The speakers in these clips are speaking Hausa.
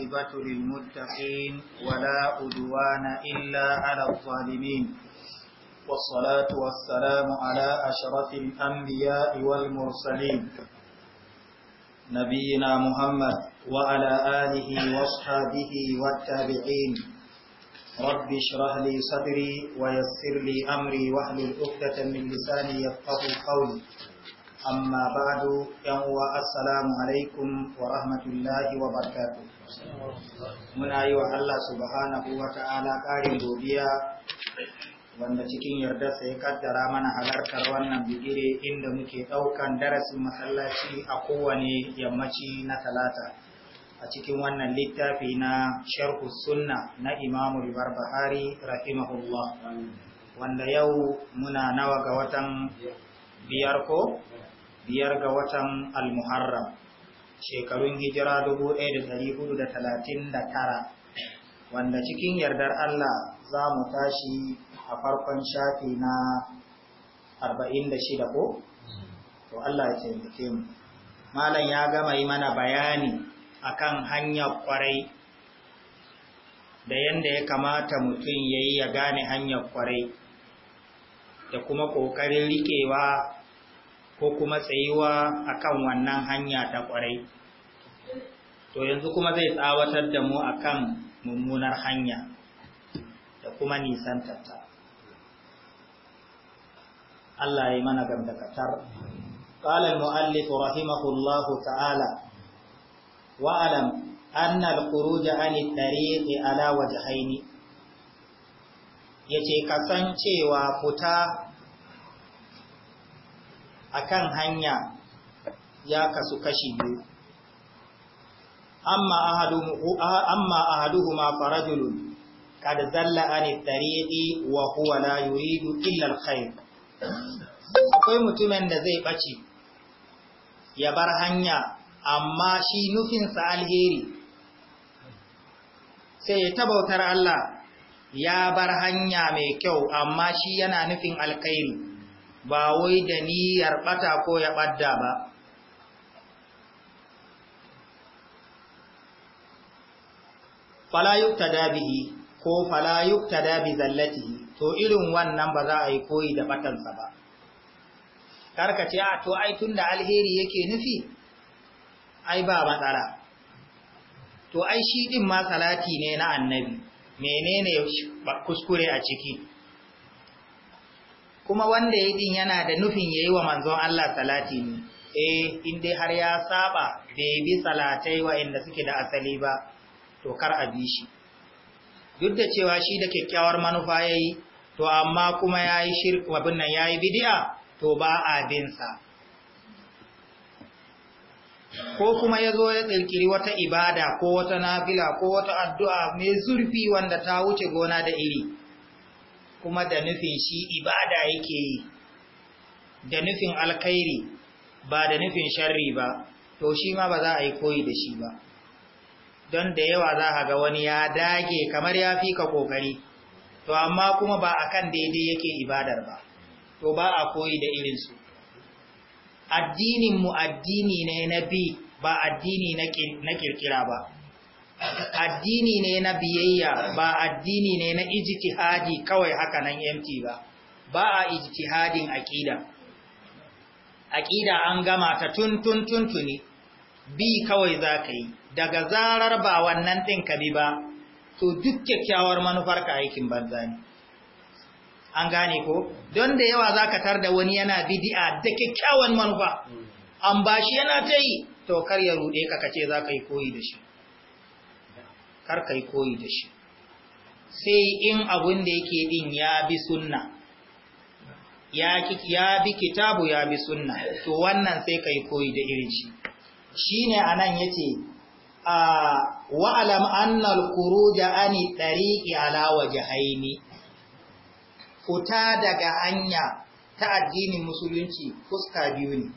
العاقبة للمتقين ولا أدوان إلا على الظالمين والصلاة والسلام على أشرف الأنبياء والمرسلين نبينا محمد وعلى آله واصحابه والتابعين رب اشرح لي صدري ويسر لي أمري وحل عقدة من لساني يفقه قولي أما بعد يوم السلام عليكم ورحمة الله وبركاته muna yi wa Allah subhanahu wa ta'ala ƙarin godiya wanda cikin yarda ya kaddara mana halartar wannan bigire inda muke ɗaukan darasin masallaci a kowane yammaci na talata a cikin wannan littafi na sharhu sunna na imamu bahari rahimahullah wanda yau muna nawa ga watan biyar ko biyar ga watan almuharram shekarun hijira 1439 wanda cikin yardar Allah za mu tashi a farkon shafi na 46 ko? To Allah ya taimake mu. Malam ya gama yi mana bayani akan hanyar kwarai da yadda ya kamata mutum ya yi ya gane hanyar kwarai da kuma ƙoƙarin riƙewa ko kuma tsayuwa akan wannan hanya ta kwarai. to yanzu kuma zai tsawatar da mu akan mummunar hanya da kuma nisan tatta Allah ya mana gamdakatar قال المؤلف رحمه الله تعالى واعلم أن الخروج عن الطريق على وجهين yace kasancewa futa akan hanya ya kasu kashi biyu amma ma farajulun kad zalla an tariqi wa huwa la yuridu illa khair akwai mutumin da zai bace ya bar hanya amma shi nufinsa alheri sai ya tabautar Allah ya bar hanya mai kyau amma shi yana nufin alkhairi ba wai da niyyar ɓata ko ya badda ba fala yuktada bihi ko fala yuktada dab'i zallatihi to irin wannan ba za a yi koyi da batansa ba karkace a to ai tunda alheri yake nufi ai ba tsara. to ai shi din ma salati ne na annabi menene kuskure a ciki kuma wanda ya din yana da nufin yayi wa manzon Allah salati ne eh in har ya saba bai bi salatai wa inda suke da asali ba to kar a bi shi duk da cewa shi da kyakkyawar manufa ya yi to amma kuma ya yi shirka abin nan ya yi bidiya to ba a binsa ko kuma ya zo ya tsirkiri wata ibada ko wata nafila ko wata addu'a mai zurfi wanda ta wuce gona da iri kuma da nufin shi ibada yake yi da nufin alkhairi ba da nufin sharri ba to shi ma ba za a yi koyi da shi ba don da yawa za a ga wani ya dage kamar ya fi ka kokari to amma kuma ba a kan daidai yake ibadar ba to ba a koyi da irinsu addininmu addini ne na bi ba addini na kirkira ba addini ne na biyayya ba addini ne na ijtihadi kawai haka nan MT ba ba a ijtihadin aƙida. Aƙida an gama ta tun tun tuntuni bi kawai za ka yi daga zarar ba wannan ɗin ka ba to duk kyakkyawar manufar ka aikin banza ne an gane ko don da yawa za ka tar da wani yana bidi'a da kyakkyawan manufa an ba shi yana ta yi to kar ya ruɗe ka kace za ka yi koyi da shi kar ka yi koyi da shi sai in abun da yake din ya bi sunna ya bi kitabu ya bi sunna to wannan sai ka yi koyi da irin shi shi ne a nan ya ce wa'alam annal kuruja ani ɗariƙi alawa jihaini. fita daga hanya ta addinin musulunci fuska biyu ne,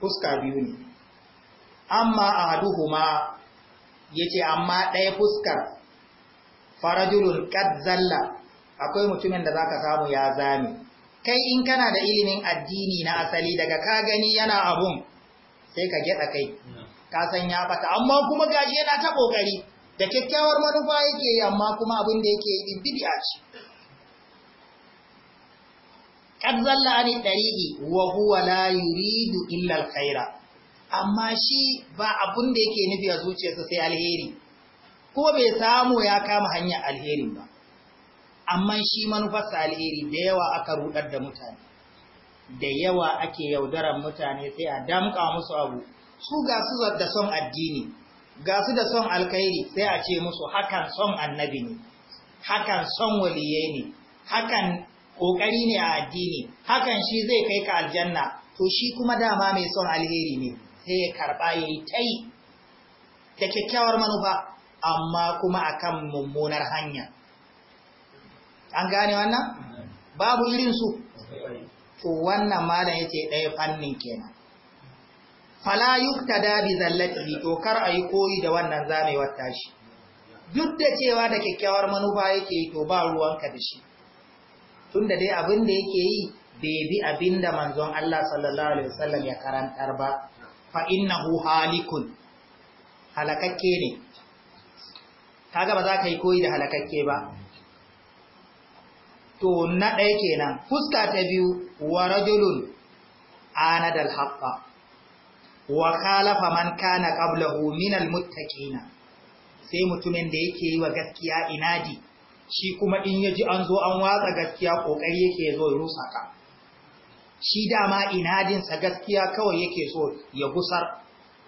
fuska biyu ne, amma a haduhuma ya ce amma ɗaya fuskar farajulun ƙadzalla akwai mutumin da za ka samu ya zame. Kai in kana da ilimin addini na asali daga ka gani yana abun sai ka gyaɗa kai. Kasan san ya bata amma kuma gashi yana ta kokari da kyakkyawar manufa yake yi amma kuma abin da yake yi bidiya ce kad zalla ani dariqi wa huwa la yuridu illa alkhaira amma shi ba abun da yake nufi a zuciyarsa sai alheri kuma bai samu ya kama hanyar alheri ba amma shi manufarsa alheri da yawa aka rudar da mutane da yawa ake yaudarar mutane sai a damka musu abu su ga su da son addini ga su da son alkhairi sai a ce musu hakan son annabi ne hakan son waliyai ne hakan kokari ne a addini hakan shi zai kai ka aljanna to shi kuma dama mai son alheri ne sai ya karba yayi tai da kyakkyawar manufa amma kuma akan mummunar hanya an gane wannan babu irin su to wannan malam yace ɗaya fannin kenan fala yuktada bi zallatihi to kar ayi koyi da wannan zamewar tashi duk da cewa da kyakkyawar manufa yake yi to ba ruwanka da shi tunda dai abin da yake yi bai bi abinda manzon Allah sallallahu alaihi wasallam ya karantar ba fa innahu halikun halakakke ne kaga ba za ka yi koyi da halakakke ba to na ɗaya kenan fuska ta biyu wa rajulun anadal haqqa wa khalafa man kana qablahu min almuttaqina sai mutumin da yake yi wa gaskiya inadi shi kuma in yaji an zo an watsa gaskiya kokari yake zo ya rusa ka shi dama inadin sa gaskiya kawai yake so ya gusar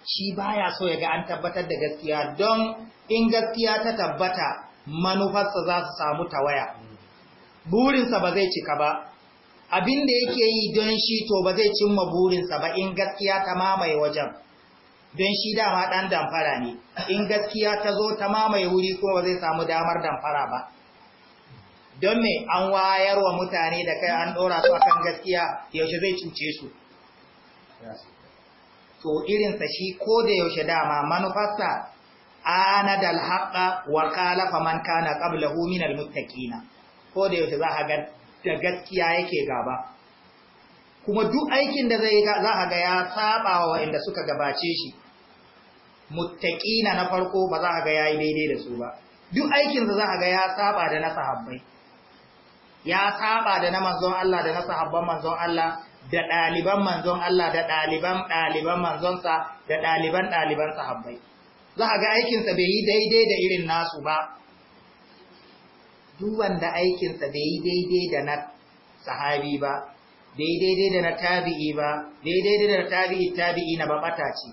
shi baya so ya ga an tabbatar da gaskiya don in gaskiya ta tabbata manufarsa za su samu tawaya burinsa ba zai cika ba abin da yake yi don shi to ba zai cimma burinsa ba in gaskiya ta mamaye wajen don shi dama ɗan damfara ne in gaskiya ta zo ta mamaye wuri kuma ba zai samu damar damfara ba don me an wayar wa mutane da kai an ɗora su akan gaskiya yaushe zai cuce su to irinsa shi ko da yaushe dama manufarsa ana dal haƙa wa ƙalafa man kana ƙablahu min almuttaqina ko da yaushe za a ga da gaskiya yake gaba kuma duk aikin da zai za a ga ya saba wa waɗanda suka gabace shi muttaqina na farko ba za a ga yayi daidai da su ba duk aikin da za a ga ya saba da na sahabbai ya saba da na manzon Allah da na sahabban manzon Allah da ɗaliban manzon Allah da ɗaliban ɗaliban manzonsa da ɗaliban ɗaliban sahabbai za a ga aikinsa bai yi daidai da irin nasu ba duk aikinsa bai yi daidai da na sahabi ba daidai da na tabi'i ba daidai da tabi'i tabi'i na ba bata ce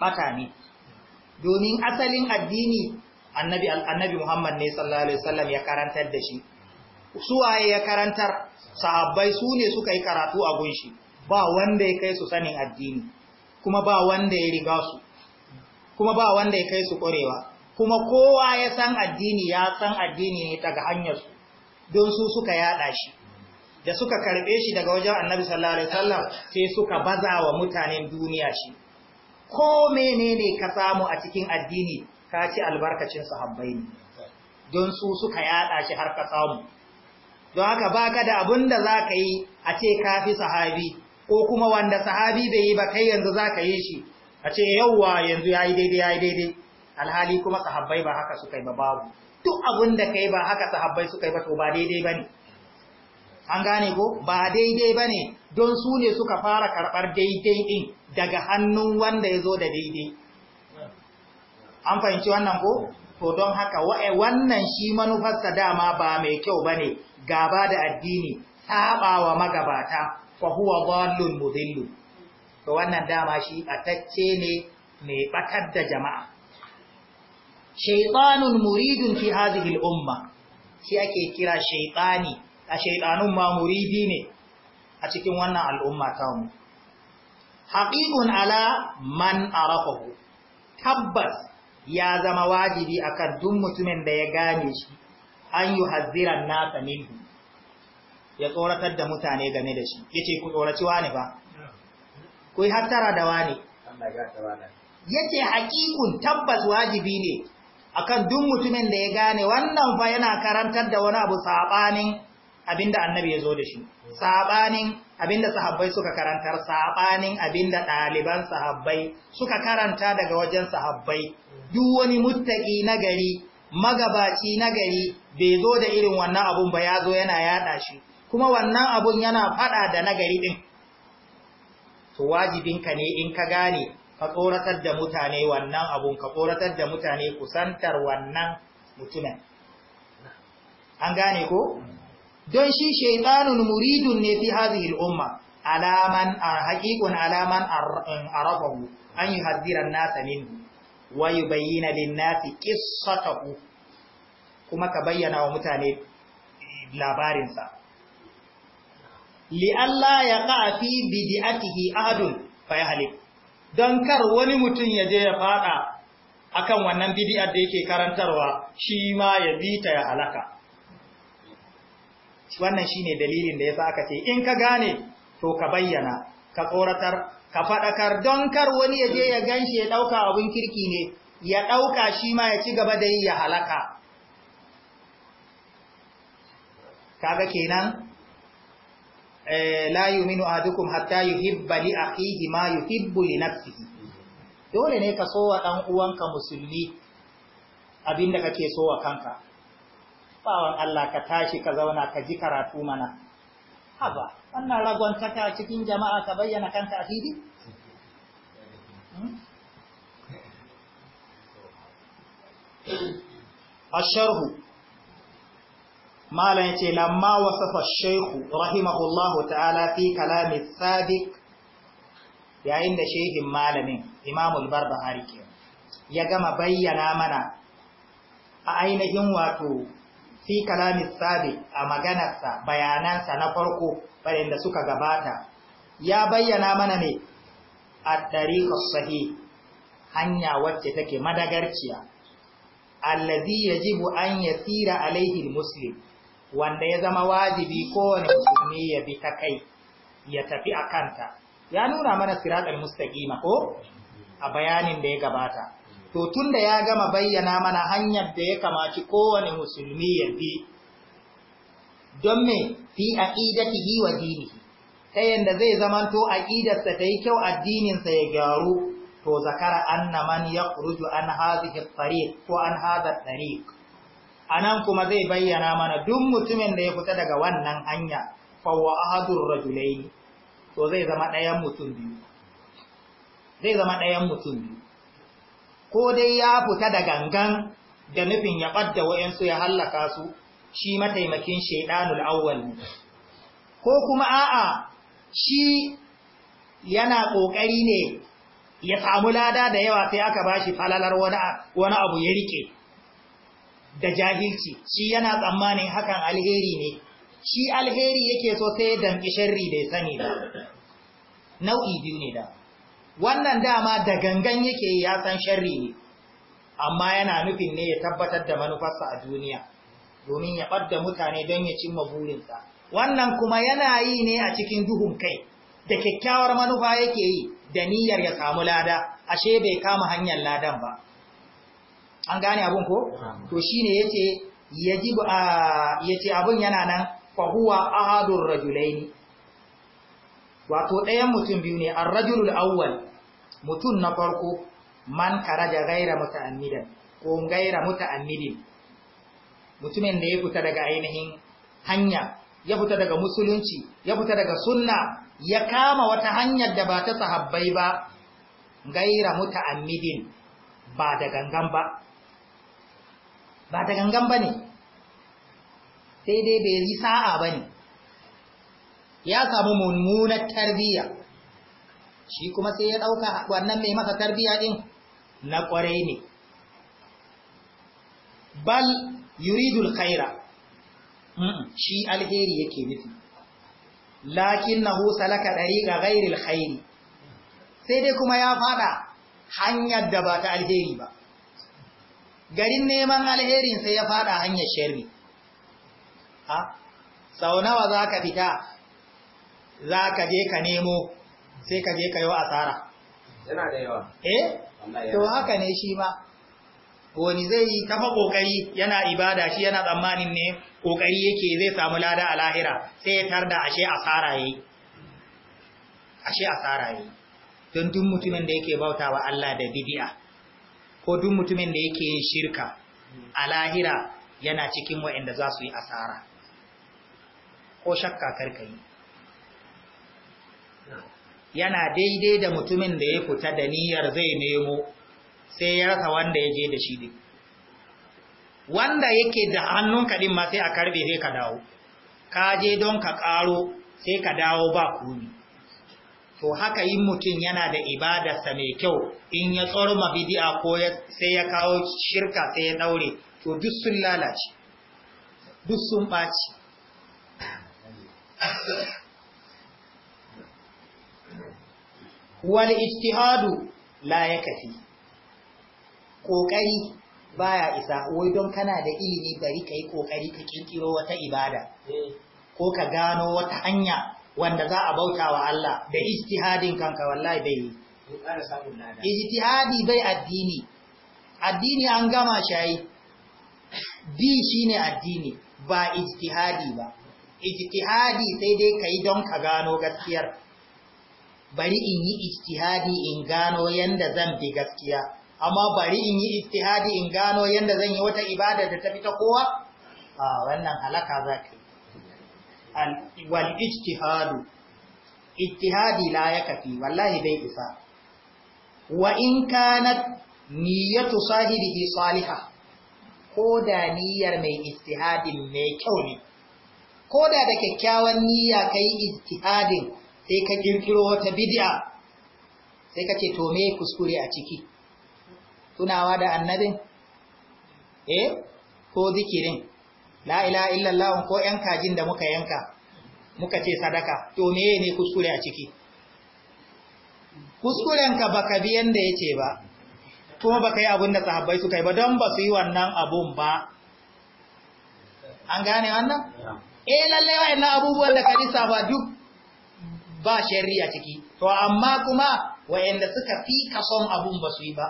bata ne domin asalin addini annabi annabi Muhammad ne sallallahu alaihi wasallam ya karantar da shi suwaye ya karantar sahabbai su ne suka yi karatu a gunshi ba wanda ya kai su sanin addini kuma ba wanda ya riga su kuma ba wanda ya kai su korewa. kuma kowa ya san addini ya san addini ne daga hanyarsu don su suka yada shi da suka karbe shi daga wajen annabi sallallahu alaihi wasallam sai suka baza wa mutanen duniya shi ko menene ka samu a cikin addini ka ci albarkacin sahabbai ne don su suka yada shi har ka samu don haka baka da abin da za yi a ce ka fi sahabi ko kuma wanda sahabi bai yi ba kai yanzu zaka yi shi a ce yauwa yanzu yayi daidai ya daidai alhali kuma sahabbai ba haka suka yi ba babu duk abinda da kai ba haka sahabbai suka yi ba to ba daidai bane an gane ko ba daidai bane don su ne suka fara karbar daidai din daga hannun wanda ya zo da daidai an fahimci wannan ko to don haka wannan shi manufarsa dama ba mai kyau bane gaba da addini sabawa magabata fa huwa dhallun mudhillu to wannan dama shi atacce ne mai ɓatar da jama'a shaitanun muridun fi hadhihi al-umma shi ake kira shaitani a shaitanun ma muridi ne a cikin wannan al'umma ta mu haqiqun ala man arafahu tabbas ya zama wajibi akan duk mutumin da ya gane shi an yuhazziran nasa minhu ya tsoratar da mutane game da shi ya ce ku tsoraci wani ba ku yi hattara da wani ya ce hakikun tabbas wajibi ne akan duk mutumin da ya gane wannan fa yana karantar da wani abu sabanin abinda annabi ya zo da shi sabanin abinda sahabbai suka karantar sabanin abinda ɗaliban sahabbai suka karanta daga wajen sahabbai duk wani muttaki na gari magabaci na gari bai zo da irin wannan abun ba ya zo yana yada shi kuma wannan abun yana fada da nagari din to wajibinka ne in ka gane ka tsoratar da mutane wannan abun ka tsoratar da mutane kusantar wannan mutumin an gane ko don shi shaitanun muridun ne fi hadhihi al-umma alaman haqiqun alaman arafahu an yuhadhira an-nasa min wa yubayyana lin-nasi qissatahu kuma ka bayyana wa mutane labarinsa li'alla yaqa fi bid'atihi ahadun fa yahlik don kar wani mutum ya je ya fada akan wannan bidiyar da yake karantarwa shi ma ya bita ya halaka wannan shine dalilin da yasa aka ce in ka gane to ka bayyana ka tsoratar ka fadakar don kar wani ya je ya ganshi ya dauka abun kirki ne ya dauka shi ma ya ci gaba da yi ya halaka kaga kenan Eh, la yu'minu ahadukum hatta yuhibba li akhihi ma yuhibbu li nafsihi dole ne ka sowa dan uwanka musulmi abinda kake sowa kanka bawan Allah ka tashi ka zauna ka ji karatu mana haba wannan ragon taka cikin jama'a ka bayyana kanka a fili hmm? asharhu malam yace lamma wasafa shaykhu rahimahullahu ta'ala fi kalami sadiq'. yayin da shehin malamin imamul barbahari ke ya gama bayyana mana a ainihin wato fi kalami sadiq a maganarsa bayanansa na farko da suka gabata ya bayyana mana ne a tariqas sahih hanya wacce take madagarciya allazi yajibu an yasira alaihi muslim wanda ya zama wajibi kowane musulmi ya bi ta kai ya tafi a kanta ya nuna mana siratar mustaqima ko a bayanin da ya gabata to tunda ya gama bayyana mana hanyar da ya kamaci kowane musulmi ya bi don me fi aqidatihi wa dini ta yanda zai zamanto aqidarsa ta yi kyau addininsa ya gyaru to zakara anna man yakhruju an hadhihi at-tariq ko an hadha at-tariq anan kuma zai bayyana mana duk mutumin da ya fita daga wannan hanya fawwa ahadur rajulaini to zai zama ɗayan mutum biyu zai zama ɗayan mutum biyu ko dai ya fita da gangan da nufin ya ɓadda wa'yansu ya hallaka su shi mataimakin shaidanul awwal ne ko kuma a'a shi yana ƙoƙari ne ya samu lada da yawa sai aka bashi falalar wani abu ya rike da jahilci shi yana tsammanin hakan alheri ne shi alheri yake so sai ya damƙi sharri bai sani ba nau'i biyu ne da wannan dama da gangan yake ya san sharri ne amma yana nufin ne ya tabbatar da manufarsa a duniya domin ya ɓadda mutane don ya cimma burinsa wannan kuma yana yi ne a cikin duhun kai da kyakkyawar manufa yake yi da niyyar ya samu lada ashe bai kama hanyar ladan ba an gane abun ko to shine yace yajib a yace abun yana nan fa huwa ahadur rajulain wato ɗayan mutum biyu ne ar-rajulul awwal mutum na farko man karaja gaira muta'ammidan ko gaira muta'ammidin mutumin da ya fita daga ainihin hanya ya fita daga musulunci ya fita daga sunna ya kama wata hanyar da ba ta sahabbai ba gaira muta'ammidin ba da gangan ba ba ta gangan ba ne sai dai bai yi sa'a ba ne ya samu mummunar tarbiyya shi kuma sai ya ɗauka wannan mai masa tarbiyya ɗin na ƙwarai ne bal yuridul khaira shi alheri yake nufi lakin na husa laka ɗari ga gairil khairi sai dai kuma ya faɗa hanyar da ba ta alheri ba garin neman alherin sai ya fada hanyar sharri a sau nawa za ka fita za ka je ka nemo sai ka je ka yi asara yana da yawa eh to haka ne shi ma wani zai yi kafa kokari yana ibada shi yana tsammanin ne kokari yake zai samu lada a lahira sai ya tarda ashe asara yi ashe asara don duk mutumin da yake bauta wa Allah da bibiya. ko duk mutumin da yake yin shirka a lahira yana cikin waɗanda za su yi asara ko shakka karkayi yana daidai da mutumin da ya fita da niyyar zai nemo sai ya rasa wanda ya je da shi din wanda yake da hannunka din ma sai a karbe sai ka dawo ka je don ka ƙaro sai ka dawo ba kuni to haka yin mutum yana da ibadarsa mai kyau in ya ma bidiya ko sai ya kawo shirka sai ya daure to duk sun lalace duk sun ɓaci wal ijtihadu la yakfi kokari baya isa wai don kana da ilimi bari kai ƙoƙari ka ƙirƙiro wata ibada eh. ko ka gano wata hanya wanda za a bauta wa Allah da ijtihadin kanka wallahi bai yi ijtihadi bai addini addini an gama shayi bi shine addini ba ijtihadi ba ijtihadi sai dai kai don ka gano gaskiyar bari in yi ijtihadi in gano yanda zan bi gaskiya amma bari in yi ijtihadi in gano yanda zan yi wata ibada da ta fita kowa a wannan halaka zaki. wal ijtihadu ijtihadi la kafi? wallahi bai isa wa in kanat niyyatu sahibihi Saliha. ko da niyyar mai ijtihadin mai kyau ne ko da da kyakkyawan niyya kai ijtihadin sai ka kirkiro wata bid'a sai ka ce to me kuskure a ciki tunawa da annabin eh ko zikirin la ilaha illallah ko yan kajin da muka yanka muka ce sadaka to meye ne kuskure a ciki kuskurenka baka bi yanda yace ba kuma baka yi abin da sahabbai suka yi ba don ba su yi wannan abun ba an gane wannan eh lalle wayannan abubuwan da ka ba duk ba shari'a ciki to amma kuma wayanda suka fi kason abun ba su yi ba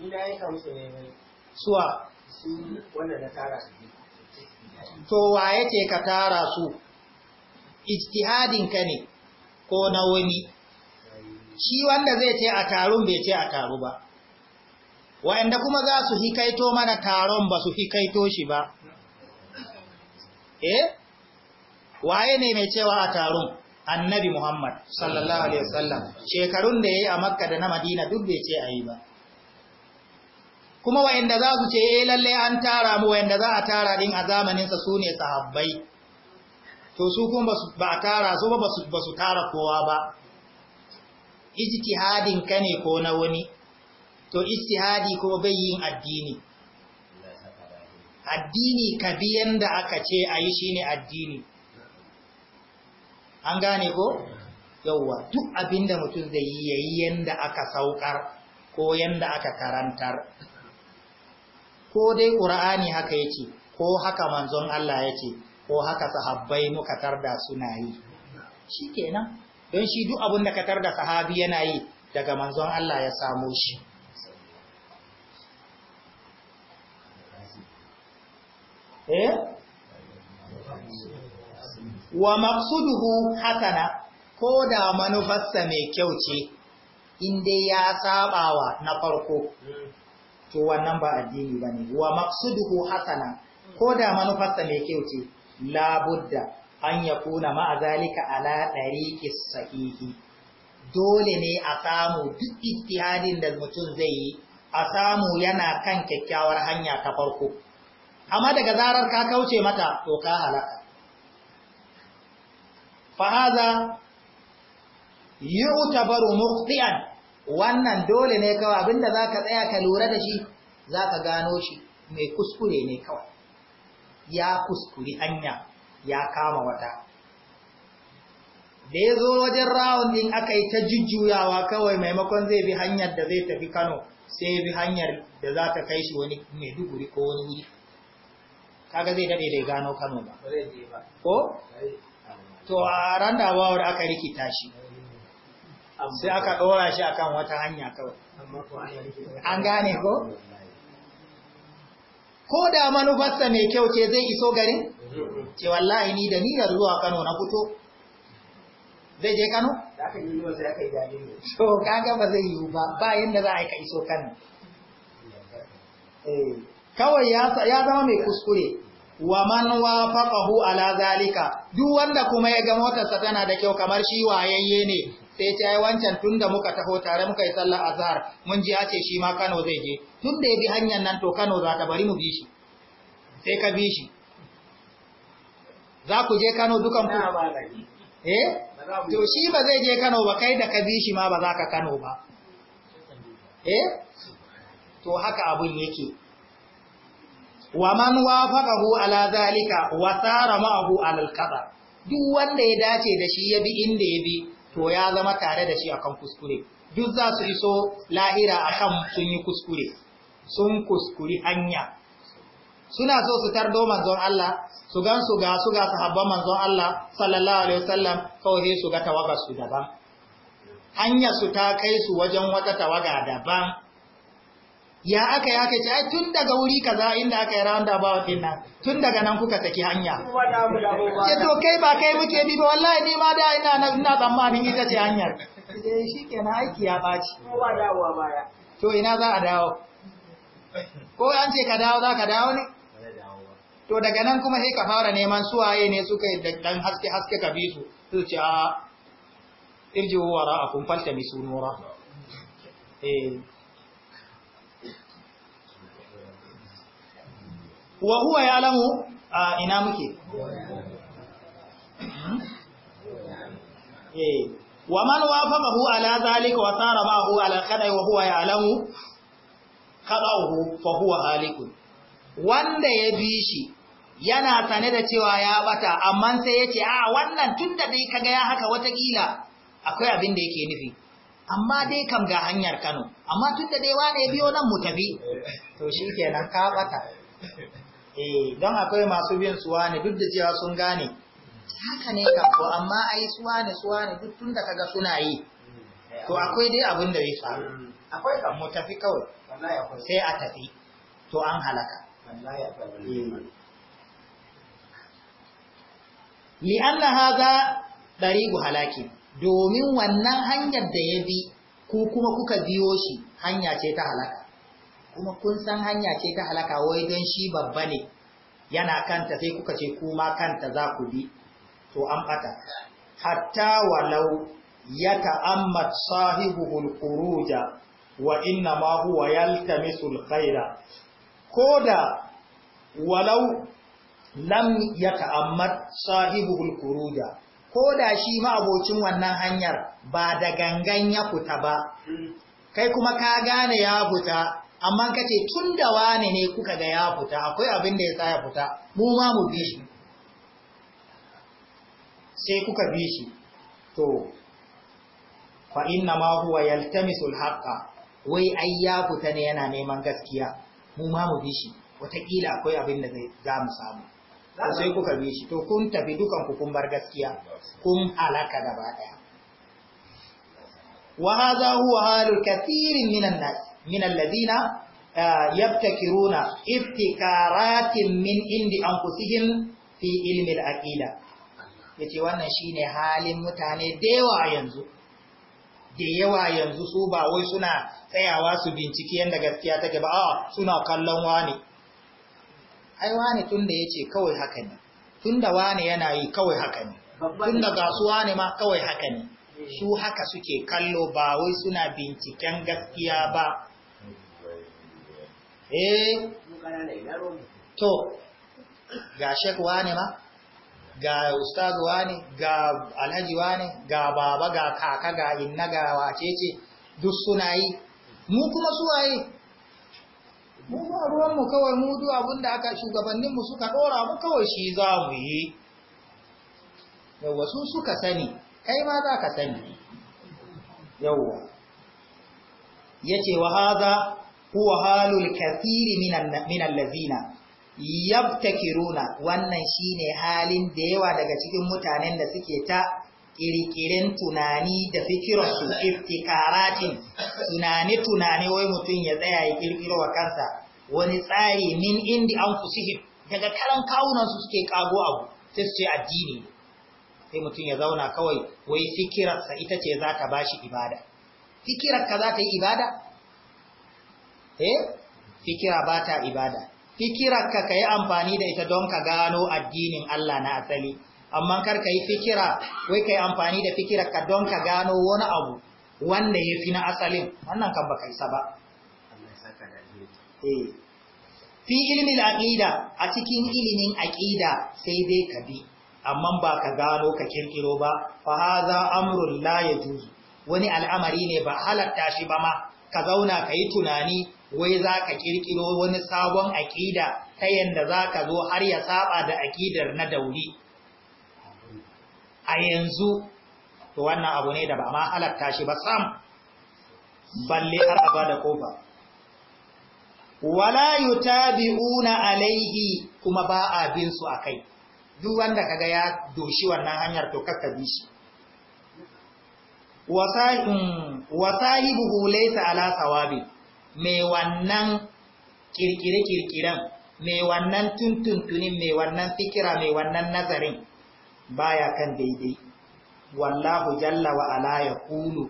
ina yi kamsu ne suwa su wanda na tara su to wa ce ka tara su ijtihadinka ne ko na wani shi wanda zai ce a tarun bai ce a taru ba wa'anda kuma za su fi kaito mana taron ba su fi kaito shi ba eh waye ne mai cewa a taron annabi muhammad sallallahu alaihi wasallam shekarun da yayi a makka da na madina duk bai ce a yi ba kuma wa'anda za su ce eh lalle an tara mu wa'anda za a tara din a zamanin sa sune sahabbai to su kuma ba a tara su ba ba su tara kowa ba ijtihadin ka ne ko na wani to ijtihadi ko bai yin addini addini kabi yanda aka ce ayi shine addini an gane ko yauwa duk abinda mutum zai yi yayi yanda aka saukar ko yanda aka karantar ko dai ƙura'ani haka yake ko haka manzon Allah yake ko haka sahabbai muka tarda suna yi shi kenan don shi duk abin da ka tarda sahabi yana yi daga manzon Allah ya samo shi eh wa maqsuduhu hasana ko da manufarsa mai kyau ce in dai ya sabawa na farko to wannan ba addini ba ne wa maksuduhu hasana ko da manufarsa mai kyau ce labudda an ya kuna ma'azalika ala ɗariƙi sahihi dole ne a samu duk ittihadin da mutum zai yi a samu yana kan kyakkyawar hanya ta farko amma daga zarar ka kauce mata to ka halaka fa'aza yi utabaru wannan dole ne kawai abinda za ka tsaya ka lura da shi za ka gano shi mai kuskure ne kawai ya kuskuri hanya ya kama wata da ya zo wajen rawan din aka yi ta jujjuyawa kawai maimakon zai bi hanyar da zai tafi kano sai bi hanyar da za ta kai shi wani mai duguri ko wani wuri kaga zai daɗe bai gano kano ba ko to a ran bawar aka rikita shi sai aka ɗora shi akan wata hanya kawai an gane ko ko da manufarsa mai kyau ce zai iso garin ce wallahi ni da zuwa kano na fito zai je kano so kaga ba zai yiwu ba bayan da za a ka iso kano eh. kawai ya zama mai kuskure wa man wafaqahu ala zalika duk wanda kuma ya ga motarsa tana da kyau kamar shi wayayye ne sai ta yi wancan tun da muka taho tare muka yi sallar azhar mun ji ya ce shi ma Kano zai je tun da ya bi hanyar nan to Kano za ta bari mu bi shi sai ka bi shi za ku je Kano dukan ku eh to shi ba zai je Kano ba kai da ka bi shi ma ba za ka Kano ba eh to haka abun yake wa man wafaqahu ala zalika wa sara ma'ahu ala al-qada duk wanda ya dace da shi ya bi inda ya bi to ya zama tare da shi akan kuskure duk za su iso lahira akan sun yi kuskure sun kuskuri hanya suna so su tardo manzon Allah su gan su ga su ga sahabban manzon Allah sallallahu alaihi wasallam kawai su ga tawaga su daban hanya su ta kai su wajen wata tawaga daban ya aka yi aka ce ai tun daga wuri kaza inda aka yi round ba din nan tun daga nan kuka saki hanya ce to kai ba kai muke bi ba wallahi ni ma da ina na ina tsammanin ita ce hanyar eh na aiki ya baci ba to ina za a dawo ko an ce ka dawo za ka dawo ne to daga nan kuma sai ka fara neman suwaye ne suka yi dan haske haske ka bi su su ce a ah, irjiwa wara kun falta misu nura eh wa huwa ya lamu a ina muke hmm? eh, wa man wafaqahu ala zalika wa sara ma'ahu ala khada'i wa huwa ya lamu khada'uhu fa huwa halikun wanda ya bi shi yana sane da cewa ya bata amma sai yace a wannan tunda dai kaga ya haka watakila akwai abin da yake nufi amma dai kam ga hanyar Kano amma tunda dai wane biyo nan mu tafi to shikenan ka bata eh don akwai masu bin suwa ne duk da cewa sun gane haka ne kafo amma ai suwa ne suwa ne duk tun da kaga suna yi to akwai dai abin da ya faru akwai kan mu tafi kawai sai a tafi to an halaka eh. li'anna hadha dariqu halaki domin wannan hanyar da ya bi ko kuma kuka biyo shi hanya ce ta halaka kuma kun san hanya ce ta halaka wai don shi babba ne yana kanta sai kuka ce kuma kanta za ku bi to an bata hatta walau ya ta'ammat sahibuhul khuruja wa inna ma huwa yaltamisul khaira koda walau lam ya ta'ammat sahibuhul khuruja koda shi ma abocin wannan hanyar ba da gangan ya fita ba kai kuma ka gane ya fita amma ka ce tun da wane ne kuka ga ya fita akwai abin da ya sa ya fita mu ma mu bi shi sai kuka bi shi to fa inna ma huwa yaltamisul haqqa wai ai ya fita ne yana neman gaskiya mu ma mu bi shi wataƙila akwai abin da za mu samu sai kuka bi shi to kun tafi dukan ku kun bar gaskiya kun halaka gaba daya wa hadha huwa halul kathirin minan nas من الذين يبتكرون ابتكارات min indi انفسهم fi علم العقيده yace wannan shine halin mutane da yawa yanzu da yawa yanzu su ba wai suna tsayawa su bincike yanda gaskiya take ba a suna kallon wani ai wani tun da kawai haka ne Tunda wani yana yi kawai haka ne Tunda ga su wani ma kawai haka ne su haka suke kallo ba wai suna binciken gaskiya ba eh to ga shek wane ma ga ustaz wane ga alhaji wane ga baba ga kaka ga inna ga wacece duk suna yi mu kuma suwaye mu ba ruwanmu kawai mu duk da aka shugabanninmu suka dora mu kawai shi za mu yi yawwa su suka sani kai ma za ka sani yawwa ya ce wa haza huwa halul kathiri minan lazina yabtakiruna wannan shine halin da yawa daga cikin mutanen da suke ta kirkirin tunani da fikirarsu iftikaratin tunani tunani wai mutum ya tsaya ya kirkiro wa kansa wani tsari min indi an fusihim daga karan kawunan su suke kago abu sai su ce addini sai mutum ya zauna kawai wai fikirarsa ita ce za ta bashi ibada fikirarka za ta yi ibada eh fikira ba ta ibada fikirarka ka yi amfani da ita don ka gano addinin Allah na asali amma kar ka yi fikira wai ka yi amfani da fikirarka don ka gano wani abu wanda ya fi na asalin wannan kan ba kai ba eh. fi ilimin aƙida a cikin ilimin aƙida sai dai ka bi amma ba ka gano ka kirkiro ba fa haza amrun la yajuzu wani al'amari ne ba halatta shi ba ma ka zauna ka yi tunani wai za ka kirkiro wani sabon aƙida ta yadda za ka zo har ya saba da aƙidar na dauri a yanzu to wannan abu ne da ba ma halatta shi ba sam balle har a ba da kofa wala yutabi'una alaihi kuma ba a bin su akai duk wanda kaga ya doshi wannan hanyar to kakka bi shi wasahibuhu mm, laysa ala sawabi mai wannan kirkire-kirkiren mai wannan tuntuntunin mai wannan fikira mai wannan nazarin baya kan daidai wallahu jalla wa ala ya kulu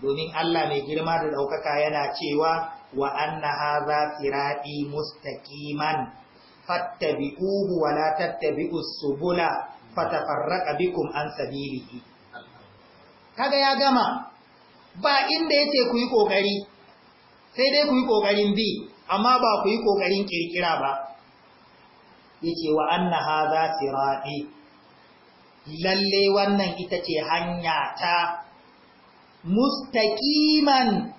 domin Allah mai girma da ɗaukaka yana cewa wa anna hadha sirati mustaqiman fattabi'uhu wa la tattabi'us subula fatafarraqa bikum an sabilihi kaga ya gama ba inda yace ku yi kokari sai dai ku yi ƙoƙarin bi amma ba ku yi ƙoƙarin ƙirƙira ba yace wa anna hadha sirati lalle wannan ita ce hanya ta mustaqiman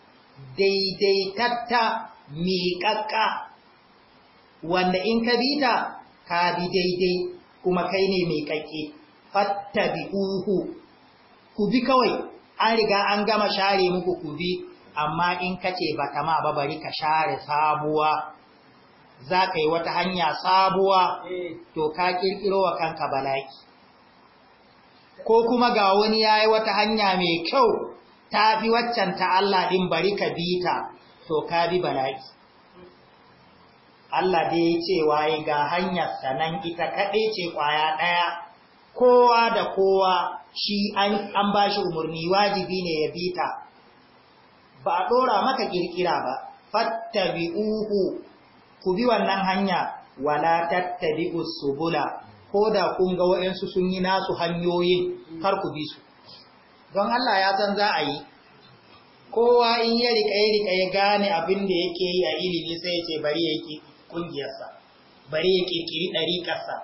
daidaitatta miƙaƙƙa wanda in ka bi ta ka bi daidai kuma kai ne miƙaƙƙe fattabi'uhu ku bi kawai an riga an gama share muku ku bi amma in ka ce ba ta ma ba bari ka share sabuwa za ka yi wata hanya sabuwa eh. to ka kirkiro wa kanka bala'i ko kuma ga wani ya yi wata hanya mai kyau ta fi waccan ta Allah ɗin bari ka bi ta to ka bi bala'i Allah dai ya ce waye ga hanyar sanan ita kaɗai ce kwaya ɗaya kowa da kowa shi an ba shi umarni wajibi ne ya bi ta ba a ɗora maka ƙirƙira ba uku, ku bi wannan hanya wala tattabi usubula. ko da kun ga waɗansu sun yi nasu hanyoyin kar ku bi su don Allah ya san za a yi kowa in ya riƙa ya ya gane abin da yake yi a ilimi sai ya ce bari ya yi ƙungiyarsa bari ya ƙirƙiri ɗariƙarsa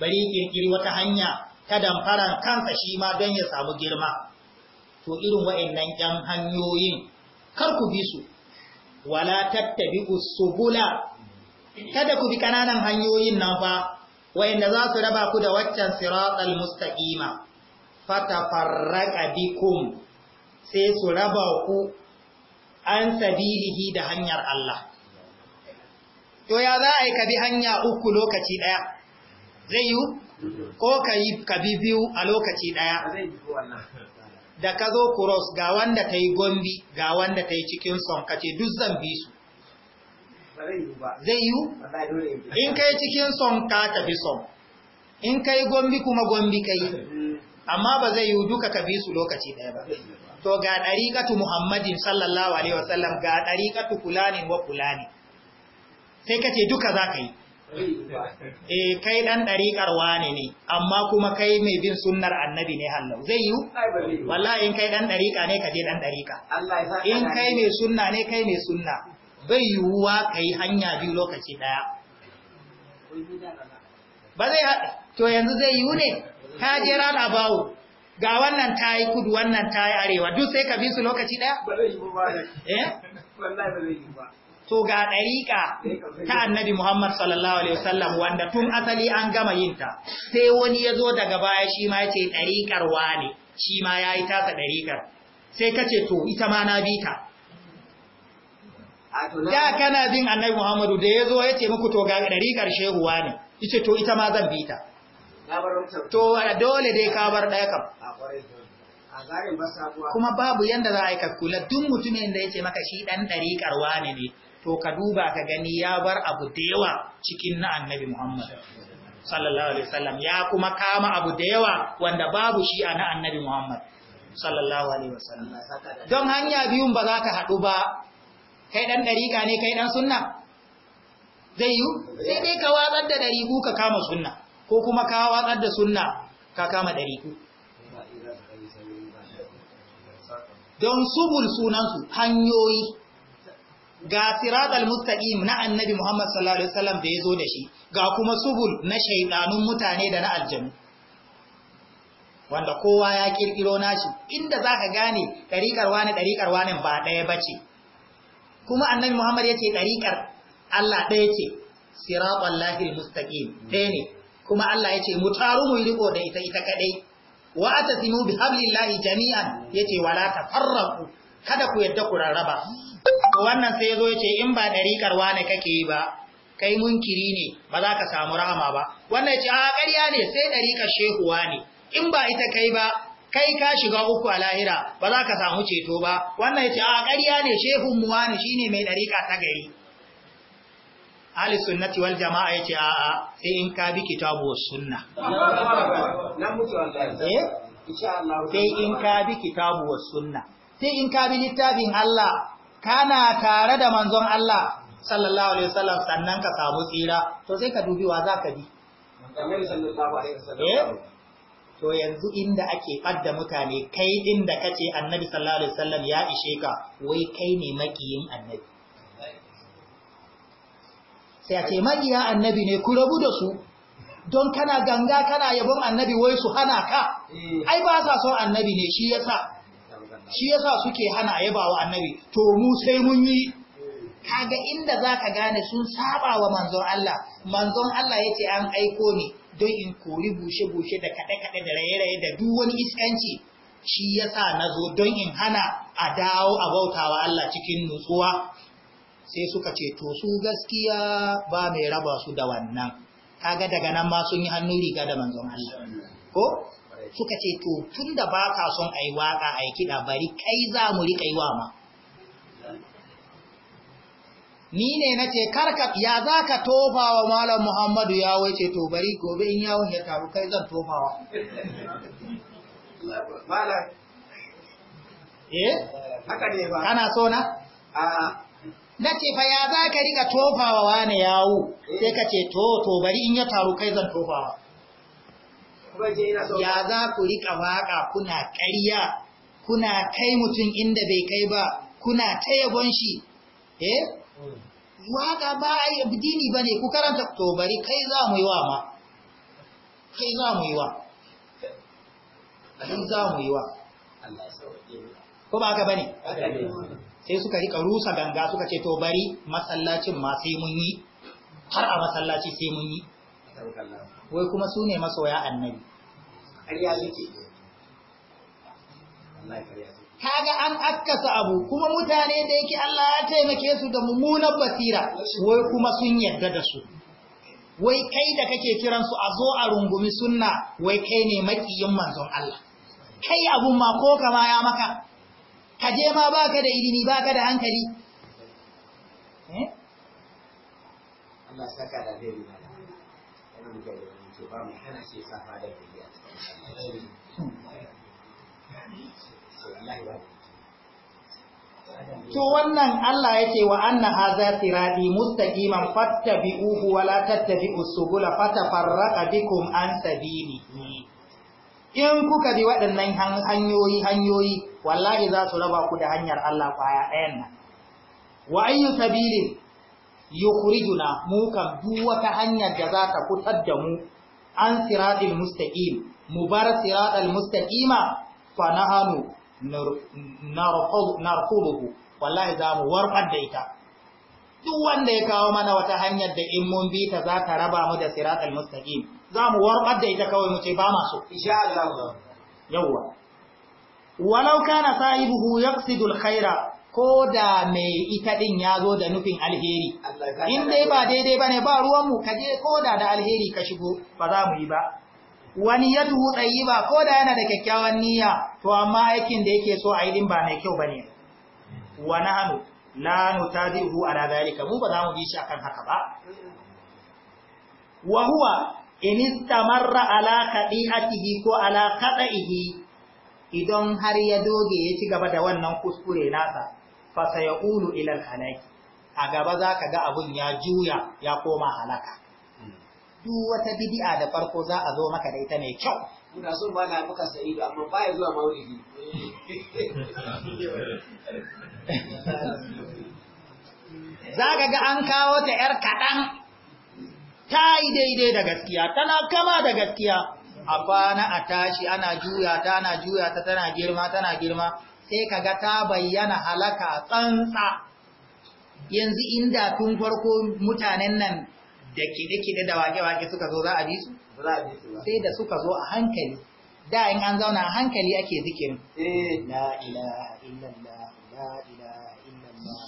bari ya ƙirƙiri wata hanya ta damfaran kansa shi ma don ya samu girma to irin waannan 'yan hanyoyin kar ku bi su wala tattabi'u subula kada ku bi kananan hanyoyin nan fa wayanda za su raba ku da waccan siratal mustaqima fatafarraqa bikum sai su raba ku an sabilihi da hanyar Allah to ya za a yi ka bi hanya uku lokaci ɗaya zai yi ko ka yi ka bi biyu a lokaci ɗaya da ka zo cross ga wanda ta yi gombi ga wanda ta yi cikin son ka ce duk zan bi su zai yiwu in ka yi cikin son ka tafi son in ka yi gombi kuma gombi ka yi amma ba zai yiwu duka ka bi su lokaci ɗaya ba to ga ɗariƙatu muhammadin sallallahu alaihi wasallam ga ɗariƙatu kulanin wa kulanin sai ka ce duka za ka yi eh kai dan dariƙar wane ne amma kuma kai mai bin sunnar annabi ne hallau zai yi wallahi in kai dan dariƙa ne ka je dan dariƙa in kai mai sunna ne kai mai sunna bai yiwuwa kai hanya biyu lokaci daya ba zai to yanzu zai yiwu ne ka je rana bawo ga wannan ta yi kudu wannan ta yi arewa duk sai ka bi su lokaci daya ba zai yiwu ba eh wallahi ba zai yiwu ba to ga ɗariƙa ta annabi Muhammad sallallahu Alaihi wasallam wanda tun asali an gama yinta sai wani ya zo daga baya shi ma ya ce ɗariƙar wane shi ma ya yi tasa ɗariƙar sai ka ce to ita ma na bi ta da kana bin annabi Muhammadu da ya zo ya ce muku to ga ɗariƙar wa ne ita to ita ma zan bi ta to dole dai ka bar ɗaya kam kuma babu yanda za a yi kakkula duk mutumin da ya ce maka shi ɗan ɗariƙar wane ne to ka duba ka gani ya bar abu da yawa cikin na annabi Muhammad sallallahu alaihi wasallam ya kuma kama abu da yawa wanda babu shi a na annabi Muhammad sallallahu alaihi wasallam don hanya biyun ba za ka haɗu ba kai dan dariqa ne kai dan sunna zai yi sai dai ka watsar da dariqu ka kama sunna ko kuma ka watsar da sunna ka kama dariqu don subul sunansu hanyoyi ga siratal mustaqim na annabi Muhammad sallallahu alaihi wasallam da yazo da shi ga kuma subul na shaydanun mutane da na aljannu wanda kowa ya kirkiro nashi inda zaka gane dariƙar wani dariƙar wani ba ɗaya bace kuma annabi Muhammad yace dariƙar Allah ɗaya ce siratal lahil mustaqim ɗaya ne kuma Allah yace mu taru mu riko da ita ita kadai wa atasimu bihablillahi jami'an yace wala tafarraqu kada ku yadda ku rarraba to wannan sai yazo yace in ba dariƙar wani kake yi ba kai munkiri ne ba za ka samu rahama ba wannan yace a ƙarya ne sai dariƙar shehu ne. in ba ita kai ba kai ka shiga uku a lahira ba za ka samu ceto ba wannan yace a ƙarya ne shehun mu shi shine mai dariƙa ta gari ahli sunnati wal jama'a yace a a sai in ka bi kitabu was sunna sai in ka bi kitabu wa sunna sai in ka bi littafin Allah kana tare da manzon Allah sallallahu alaihi wasallam sannan ka samu tsira to sai ka dubi wa zaka bi eh? to yanzu inda ake fadda mutane kai inda kace annabi sallallahu alaihi wasallam ya ishe ka wai kai ne makiyin annabi sai a ce makiya annabi ne ku rabu da su don kana ganga kana yabon annabi wai su hana ka eh. ai ba sa son annabi ne shi yasa shi yasa suke hana yabawa annabi to mu sai mun yi kaga inda zaka gane sun saba wa manzon Allah manzon Allah yace an aiko ni don in kori bushe bushe da kade kade da raye raye da duk wani iskanci shi yasa nazo don in hana a dawo a bautawa Allah cikin nutsuwa sai suka ce to su gaskiya ba mai raba su da wannan kaga daga nan ma sun yi hannu riga da manzon Allah ko suka ce to tun da ba ka son a yi waƙa a yi kiɗa bari kai za mu riƙa yi wa ma ni ne na ce karka ya za ka tofa wa malam muhammadu ya ce to bari gobe in yawon ya taru kai zan tofawa eh haka ne ba kana so na na ce fa ya za ka tofa tofawa wane yawo eh. sai ka ce to to bari in ya taru kai zan tofawa ya za ku riƙa waƙa kuna ƙarya kuna kai mutum inda bai kai ba kuna ta yabon shi eh hmm. waƙa ba a addini ba ne ku karanta to bari kai za mu yi wa ma kai za mu yi wa kai za mu yi wa ko ba ka ba ne sai suka riƙa rusa ganga suka ce to bari masallacin ma sai mun yi har a masallaci sai mun yi wai kuma su ne masoya annabi ƙarya yake kaga an akkasa abu kuma mutane da yake Allah ya taimake su da mummunan basira wai kuma sun yarda da su wai kai da kake kiran su a zo a rungumi sunna wai kai ne makiyin manzon Allah kai abun ma ko kama ya maka ka je ma baka da ilimi baka da hankali eh? Allah saka da ba mu hana ya To wannan Allah yake wa anna hadha sirati mustaqiman fattabi'uhu wa la tattabi'us subula fatafarraqa bikum an sabili. In kuka bi waɗannan hanyoyi hanyoyi wallahi za su raba ku da hanyar Allah kwaya ɗayan nan. Wa ayyu sabilin yukhrijuna mu kan duk wata hanyar da za ta kutar da mu an siratil mustaqim mu bar siratal mustaqima fa nahanu narqubuhu wallahi za mu warfar da ita duk wanda ya kawo mana wata hanyar da in mun bi ta za ta raba mu da siratal mustaqim za mu warfar da ita kawai mu ce ba ma insha Allah yawa walau kana sahibuhu yaqsidu alkhaira ko da mai ita din ya zo da nufin alheri in dai ba daidai ba ne, ba ruwanmu ka je ko da da alheri ka shigo ba za mu yi ba wani ya duhu ɗayi ba ko da yana da kyakkyawan niyya to amma aikin da yake so a yi din ba mai kyau ba ne. Wani na hannu ta zai ruwa a zalika mu ba za mu bi shi akan haka ba wa huwa in istamarra ala qadi'atihi ko ala qada'ihi idan har ya doge ya ci gaba da wannan kuskure nasa fasayaqulu ila al-halaki a gaba za ka ga abun ya juya ya koma halaka duk wata bid'a da farko za a zo maka da ita mai kyau muna so ba na sai sa'idu amma ba ya zuwa maulidi za ka ga an kawo ta ‘yar kaɗan ta yi daidai da gaskiya tana kama da gaskiya a kwana a tashi ana juya ta ana juya ta tana girma tana girma sai ka ga ta bayyana halaka tsantsa yanzu inda tun farko mutanen nan da kide-kide da wake-wake suka zo za a bi su? Sai da suka zo a hankali. Da in an zauna a hankali ake zikirin. Eh, la ilaha illallah, la ilaha illallah.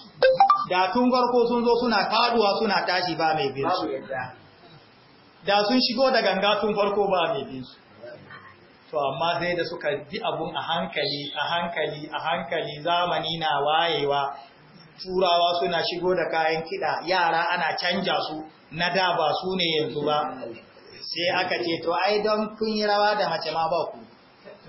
Da tun farko sun zo suna faduwa suna tashi ba mai bin su. Da sun shigo da ganga tun farko ba mai bin su. to amma sai da suka bi abun a hankali a hankali a hankali zamani na wayewa turawa suna shigo da kayan kiɗa yara ana canja su na da ba su ne yanzu ba sai aka ce to ai don kun yi rawa da mace ma ba ku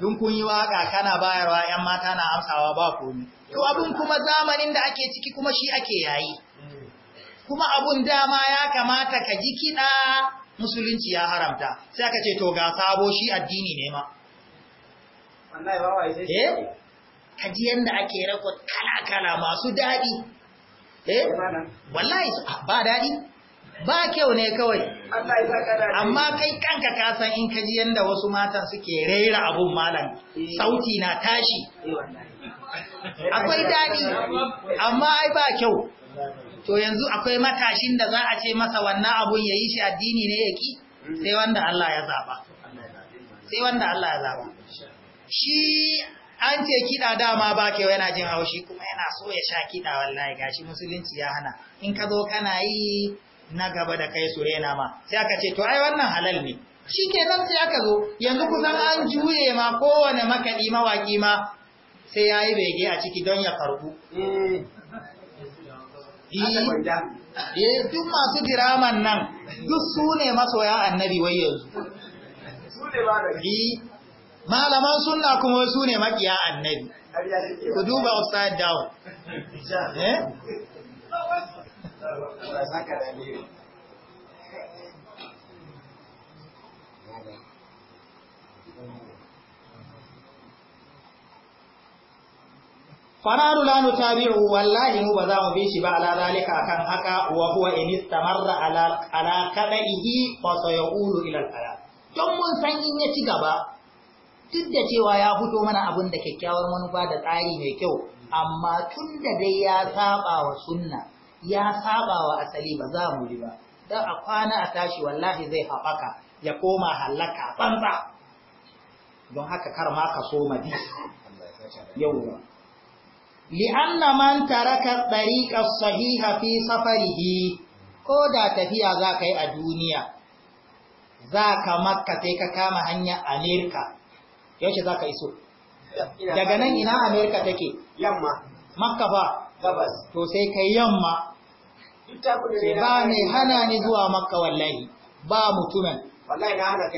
don kun yi waka kana bayarwa yan mata na amsawa ba ku to abun kuma zamanin da ake ciki kuma shi ake yayi kuma abun dama ya kamata ka ji kiɗa musulunci ya haramta sai aka ce to ga sabo shi addini ne ma eh kaji yanda ake record kala kala masu dadi eh wallahi ba dadi ba kyau ne kawai amma kai kanka ka san in kaji yanda wasu matan suke raira abun malam eh. sauti na tashi eh, akwai dadi amma ai ba kyau to yanzu akwai matashin da za a ce masa wannan abun ya yi shi addini ne ya ki sai wanda Allah ya zaba sai wanda Allah ya zaba shi an ce kiɗa dama ba ke yana jin haushi kuma yana so ya sha kiɗa wallahi gashi musulunci ya hana in ka zo kana yi na gaba da kai su rena ma sai aka ce to ai wannan halal ne shi ke nan sai aka zo yanzu kusan an juye ma kowane makaɗi mawaƙi ma sai ya yi bege a ciki don ya karbu mm. Eh, duk masu diraman nan duk su ne masoya annabi wai yanzu eh, malaman sunna kuma su ne makiya annabi ku duba upside down fanaru la nutabi'u wallahi mu ba za mu bi shi ba ala zalika akan haka wa huwa in istamarra ala ala kadaihi fa sayulu ila mun san in ya ci gaba duk cewa ya fito mana abin da kyakkyawar manufa da tsari mai kyau amma tunda dai ya saba wa sunna ya saba wa asali ba za mu bi ba dan a kwana a tashi wallahi zai haɓaka ya koma halaka banza don haka kar ma ka so mabi yauwa li'anna man taraka ɗariƙar sahiha fi safarihi ko da tafiya za ka yi a duniya za ka makka sai ka kama hanyar amerika yaushe za ka iso daga nan ina amerika take yamma makka ba gabas to sai ka yamma ba mai hana ni zuwa makka wallahi ba mutumin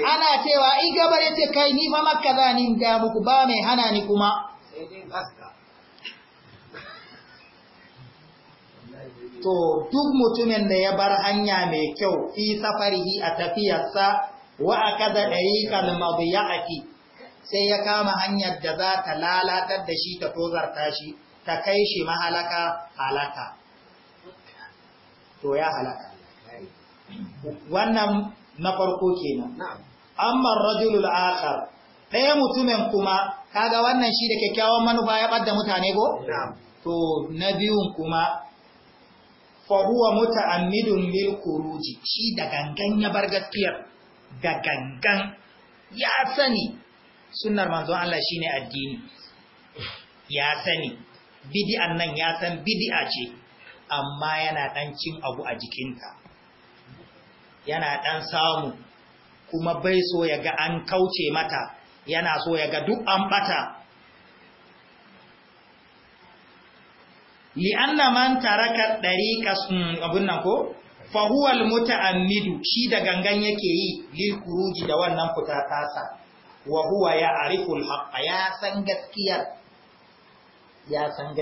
ana cewa in gabar ya ce kai ni fa makka za ni da muku ba mai hana ni kuma to duk mutumin da ya bar hanya mai kyau fi safarihi a tafiyarsa wa akada ya madiyati sai ya kama hanyar da za ta lalatar da shi ta tozarta shi ta kai shi mahalaka halaka to ya halaka wannan na farko kenan amma rajulul akhar ɗaya mutumin kuma kaga wannan shi da kyakkyawan manufa ya ɓadda mutane go? to na biyun kuma fahuwa muta'ammidun lil khuruji shi da gangan ya bar gaskiyar da gangan ya sani sunnar manzon Allah shine addini ya sani Bidi'a nan ya san bidi'a ce amma yana ɗan cin abu a jikinta yana ɗan samu kuma bai so ya ga an kauce mata yana so ya ga duk an bata li'anna man taraka dariqa abun nan ko fa huwa almutaammidu shi da gangan yake yi lil kuruji da wannan fita tasa wa huwa ya'rifu ya san gaskiyar ya san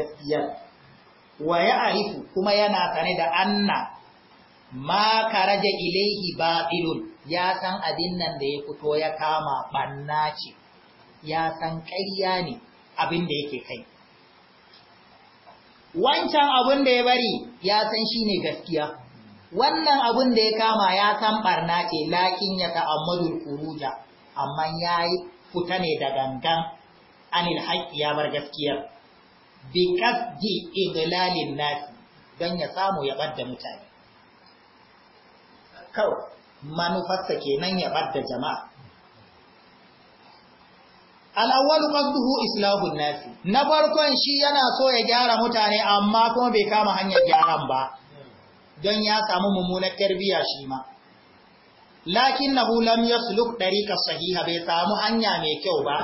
wa ya'rifu kuma yana sane da anna ma karaja ilaihi batilun ya san abin nan da ya fito ya kama banna ce ya san ƙarya ne abin da yake kai wancan abun da ya bari ya san shi ne gaskiya wannan abun da ya kama ya san barna ce lakin ya ta'ammadul kuruja amma ya yi fita ne da gangan anil haƙƙi ya bar gaskiya, bikas ji idlalin nasi don ya samu ya da mutane kawai manufarsa kenan ya da jama'a al'awwalu qasduhu islahun nasi na farkon shi yana so ya gyara mutane amma kuma bai kama hanyar gyaran ba don ya samu mummunar tarbiyya shi ma lakinnahu lam yasluk dariqas sahiha bai samu hanya mai kyau ba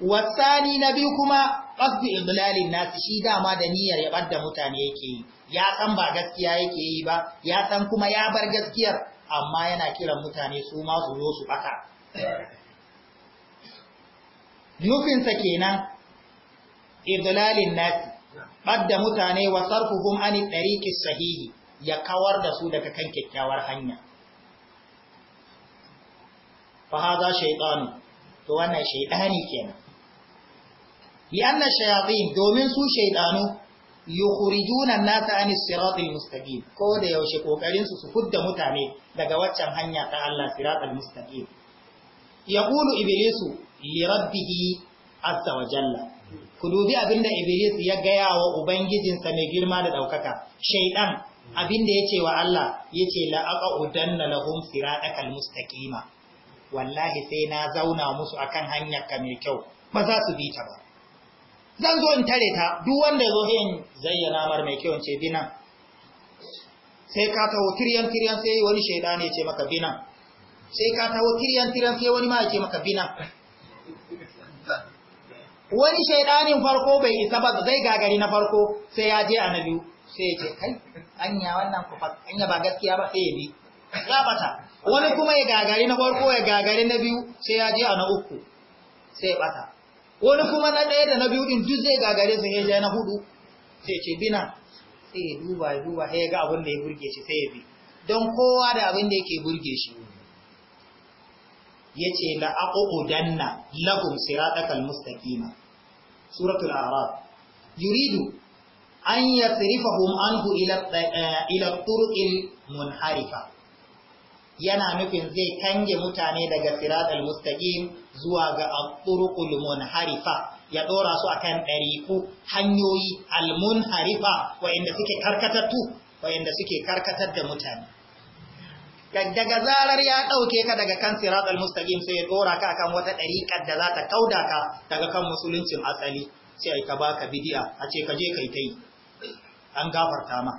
wasani na biyu kuma qasdu iblalin nasi shi dama da niyyar ya badda mutane yake yi ya san ba gaskiya yake yi ba ya san kuma ya bar gaskiyar amma yana kiran mutane su ma su zo su nufinsa kenan idlalin nasi badda mutane wa sarfuhum an tariqi sahihi ya kawar da su daga kan kyakkyawar hanya fa hada shaytanu to wannan shaytani kenan lianna shayatin domin su shaytanu yukhrijuna an-nasa anis siratil mustaqim ko da yaushe kokarin su su fudda mutane daga waccan hanya ta Allah siratal mustaqim yaqulu iblisu lirabbihi azza wa jalla ku dubi abinda iblis ya gaya wa ubangijinsa mai girma da daukaka shaydan abinda yace wa Allah yace la aqudanna lahum siratal mustaqima wallahi sai na zauna musu akan hanyar ka mai kyau ba za su bi ta ba zan zo in tare ta duk wanda zo yin zayyana mar mai kyau ce bina sai ka tawo tiryan tiryan sai wani shaydan ya ce maka bina sai ka tawo tiryan tiryan sai wani ma ya ce maka bina wani shaidanin farko bai isa ba zai gagari na farko sai ya je a na biyu sai ya ce kai anya wannan ku anya ba gaskiya ba sai ya bi rabata wani kuma ya gagari na farko ya gagari na biyu sai ya je a na uku sai ya bata wani kuma na ɗaya da na biyu din duk zai gagare su ya je na hudu sai ce bina sai ya duba ya duba sai ya ga abin da ya burge shi sai ya bi don kowa da abin da yake burge shi yace la aqudanna lakum siratal mustaqima suratul a'raf yuridu an yasrifahum anhu ila ila turuqil munharifa yana nufin zai kange mutane daga siratal mustaqim zuwa ga at munharifa ya dora su akan dariku hanyoyi al munharifa wa'inda suke karkatattu wa'inda suke karkatar da mutane daga zarar ya ɗauke ka daga kan siratul mustaqim sai ya dora ka akan wata ɗariƙar da za ta kauda ka daga kan musuluncin asali sai ai ka baka a ce ka je kai tai an gafarta ma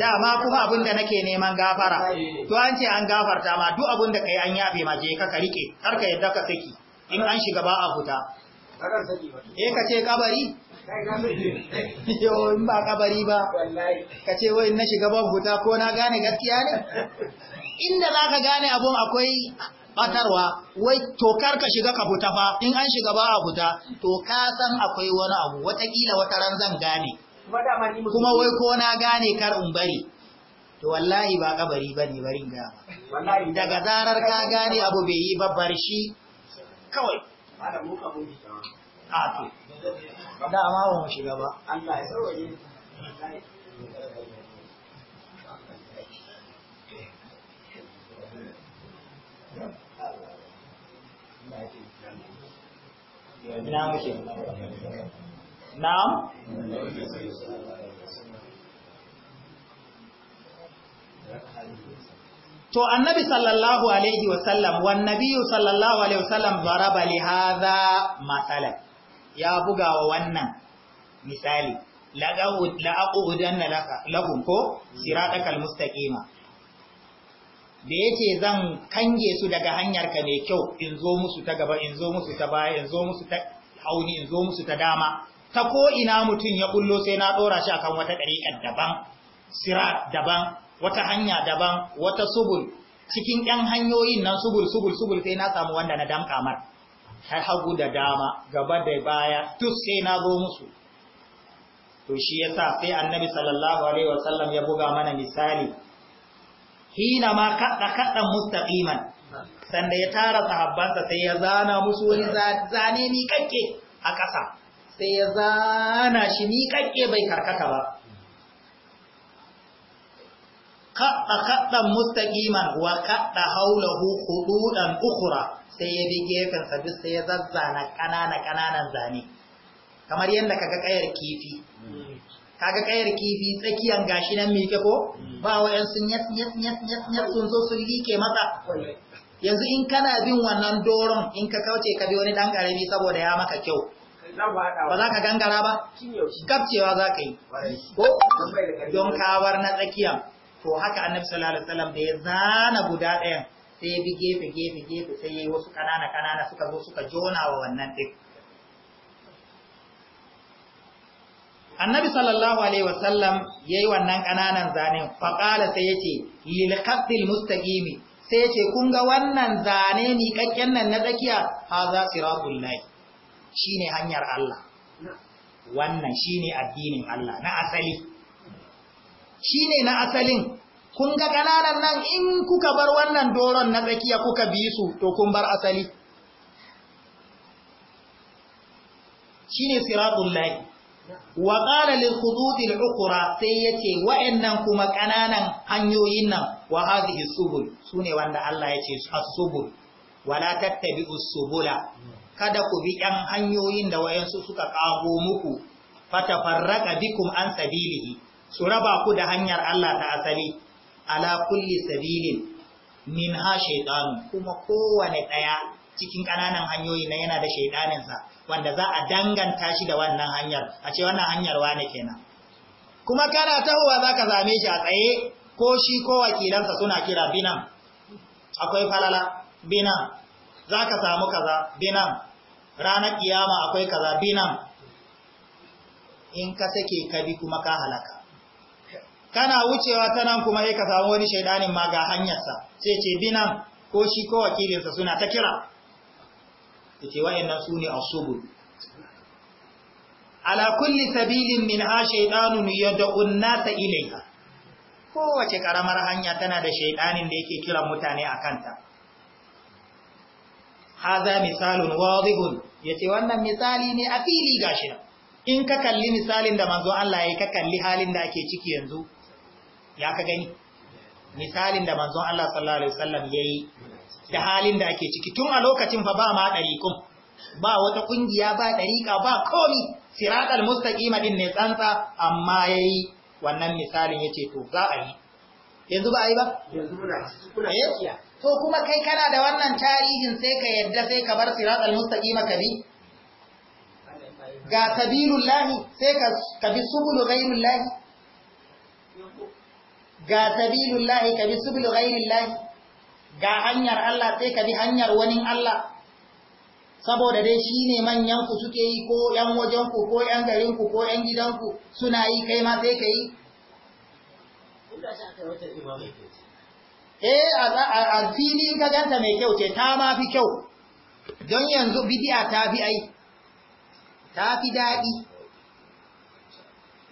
dama kuma abin da nake neman gafara to an ce an gafarta ma duk abin da kai an yabe ma je ka ka rike har ka yadda ka saki in an shiga ba a fita eh ka ce kabari yau in ba kabari ba ka ce wai na shiga ban huta ko na gane gaskiya ne inda za ka gane abun akwai batarwa wai tokar ka shiga ka fita fa in an shiga ba a huta to ka san akwai wani abu watakila wata ran zan gane kuma wai ko na gane kar in bari to wallahi ba kabari ba ne barin gama daga zarar ka gane abu bai yi babbar shi kawai a to da ma ba mu shiga ba Allah ya sauke ina muke na'am to annabi sallallahu alaihi wasallam wan nabiyyu sallallahu alaihi wasallam daraba li hadha masalan ya buga wa wannan misali la'aqudanna lahum ko siratakal mustaqima da yake zan kange su daga hanyar ka mai kyau in zo musu ta gaba in zo musu ta baya in zo musu ta hauni in zo musu ta dama ta ko ina mutun ya kullo sai na dora shi akan wata dariqa daban sirat daban wata hanya daban wata subul cikin ɗan hanyoyin nan subul subul subul sai na samu wanda na damƙa mar Har hagu da dama gaba da baya duk sai na zo musu to shi yasa sai annabi sallallahu alaihi wasallam ya buga mana misali hina ma kadda kaddan mustaqiman sanda ya tara sahabbansa sai ya zana musu wani zane ni kakke a ƙasa sai ya zana shi ni kakke bai karkata ba kadda kaddan mustaqiman wa kadda haulahu hududan ukhra sai ya bi gefensa duk sai ya zazzana kanana ƙananan zane kamar yadda kaga ƙayar kifi kaga ƙayar kifi tsakiyar gashi nan mike ko ba wayan sun yas yas yas yas yat sun zo su like masa yanzu in kana bin wannan doron in ka kauce ka bi wani dan karami saboda ya maka kyau ba za ka gangara ba Kafcewa za ka yi ko don kawar na tsakiyan to haka annabi sallallahu alaihi wasallam da ya zana guda ɗaya sai ya bi gefe gefe gefe sai ya yi wasu kanana kanana suka zo suka jona wa wannan ɗin annabi sallallahu alaihi wasallam ya yi wannan kananan zanen faƙala sai ya ce lilkafil mustaƙimi sai ya ce kun ga wannan zane miƙaƙƙen nan na tsakiya ha za siratun lai shi ne hanyar Allah wannan shi ne addinin Allah na asali shi ne na asalin kun ga ƙananan nan in kuka bar wannan doron na tsakiya kuka bi su to kun bar asali shi ne siratun wa ƙala lilkududil ukura sai ya ce wa'yannan kuma ƙananan hanyoyin nan wa hazi isubul su ne wanda Allah ya ce asubul wala tattabi usubula kada ku bi ‘yan hanyoyin da wayansu suka ƙago muku fata farraka bikum an sabilihi su raba ku da hanyar Allah ta asali ala kulli sabilin min ha shaitanu kuma kowane ɗaya cikin ƙananan hanyoyi na yana da shaitaninsa wanda za a danganta shi da wannan hanyar a ce wannan hanyar wane kenan kuma kana tahowa za ka zame shi a tsaye ko shi ko wakilansa suna kira binan akwai falala binan za ka samu kaza binan ranar kiyama akwai kaza binan in ka sake ka bi kuma ka halaka kana wucewa ta nan kuma sai ka samu wani shaidanin ma ga hanyarsa sai ce binan ko shi ko wakilinsa suna ta kira ta ce wa'annan su ne asubul ala kulli sabilin min ha shaidanun yad'un nasa ilayha kowace karamar hanya tana da shaidanin da yake kiran mutane a kanta haza misalun wadihun yace wannan misali ne a fili gashi in ka kalli misalin da manzo Allah ya ka kalli halin da ake ciki yanzu ya ka gani misalin da manzon Allah sallallahu alaihi wasallam yayi da halin da ake ciki tun a lokacin fa ba ma dariqum ba wata kungiya ba dariqa ba komi siratal mustaqima din ne tsantsa amma yayi wannan misalin yace to za a yi yanzu ba a yi ba yanzu muna cikin eh, to kuma kai kana da wannan tarihin sai ka yadda sai ka bar siratal mustaqima ka bi ga sabilullahi sai ka bi subulu ghairullahi ga sabilullahi ka bi subul ga hanyar Allah sai ka bi hanyar wani Allah saboda dai shine manyan ku suke yi ko yan wajen ku ko yan garin ku ko yan gidan ku suna yi kai ma sai kai eh a fili ka ganta mai kyau ce ta ma fi kyau don yanzu bidiya ta fi ai ta fi daɗi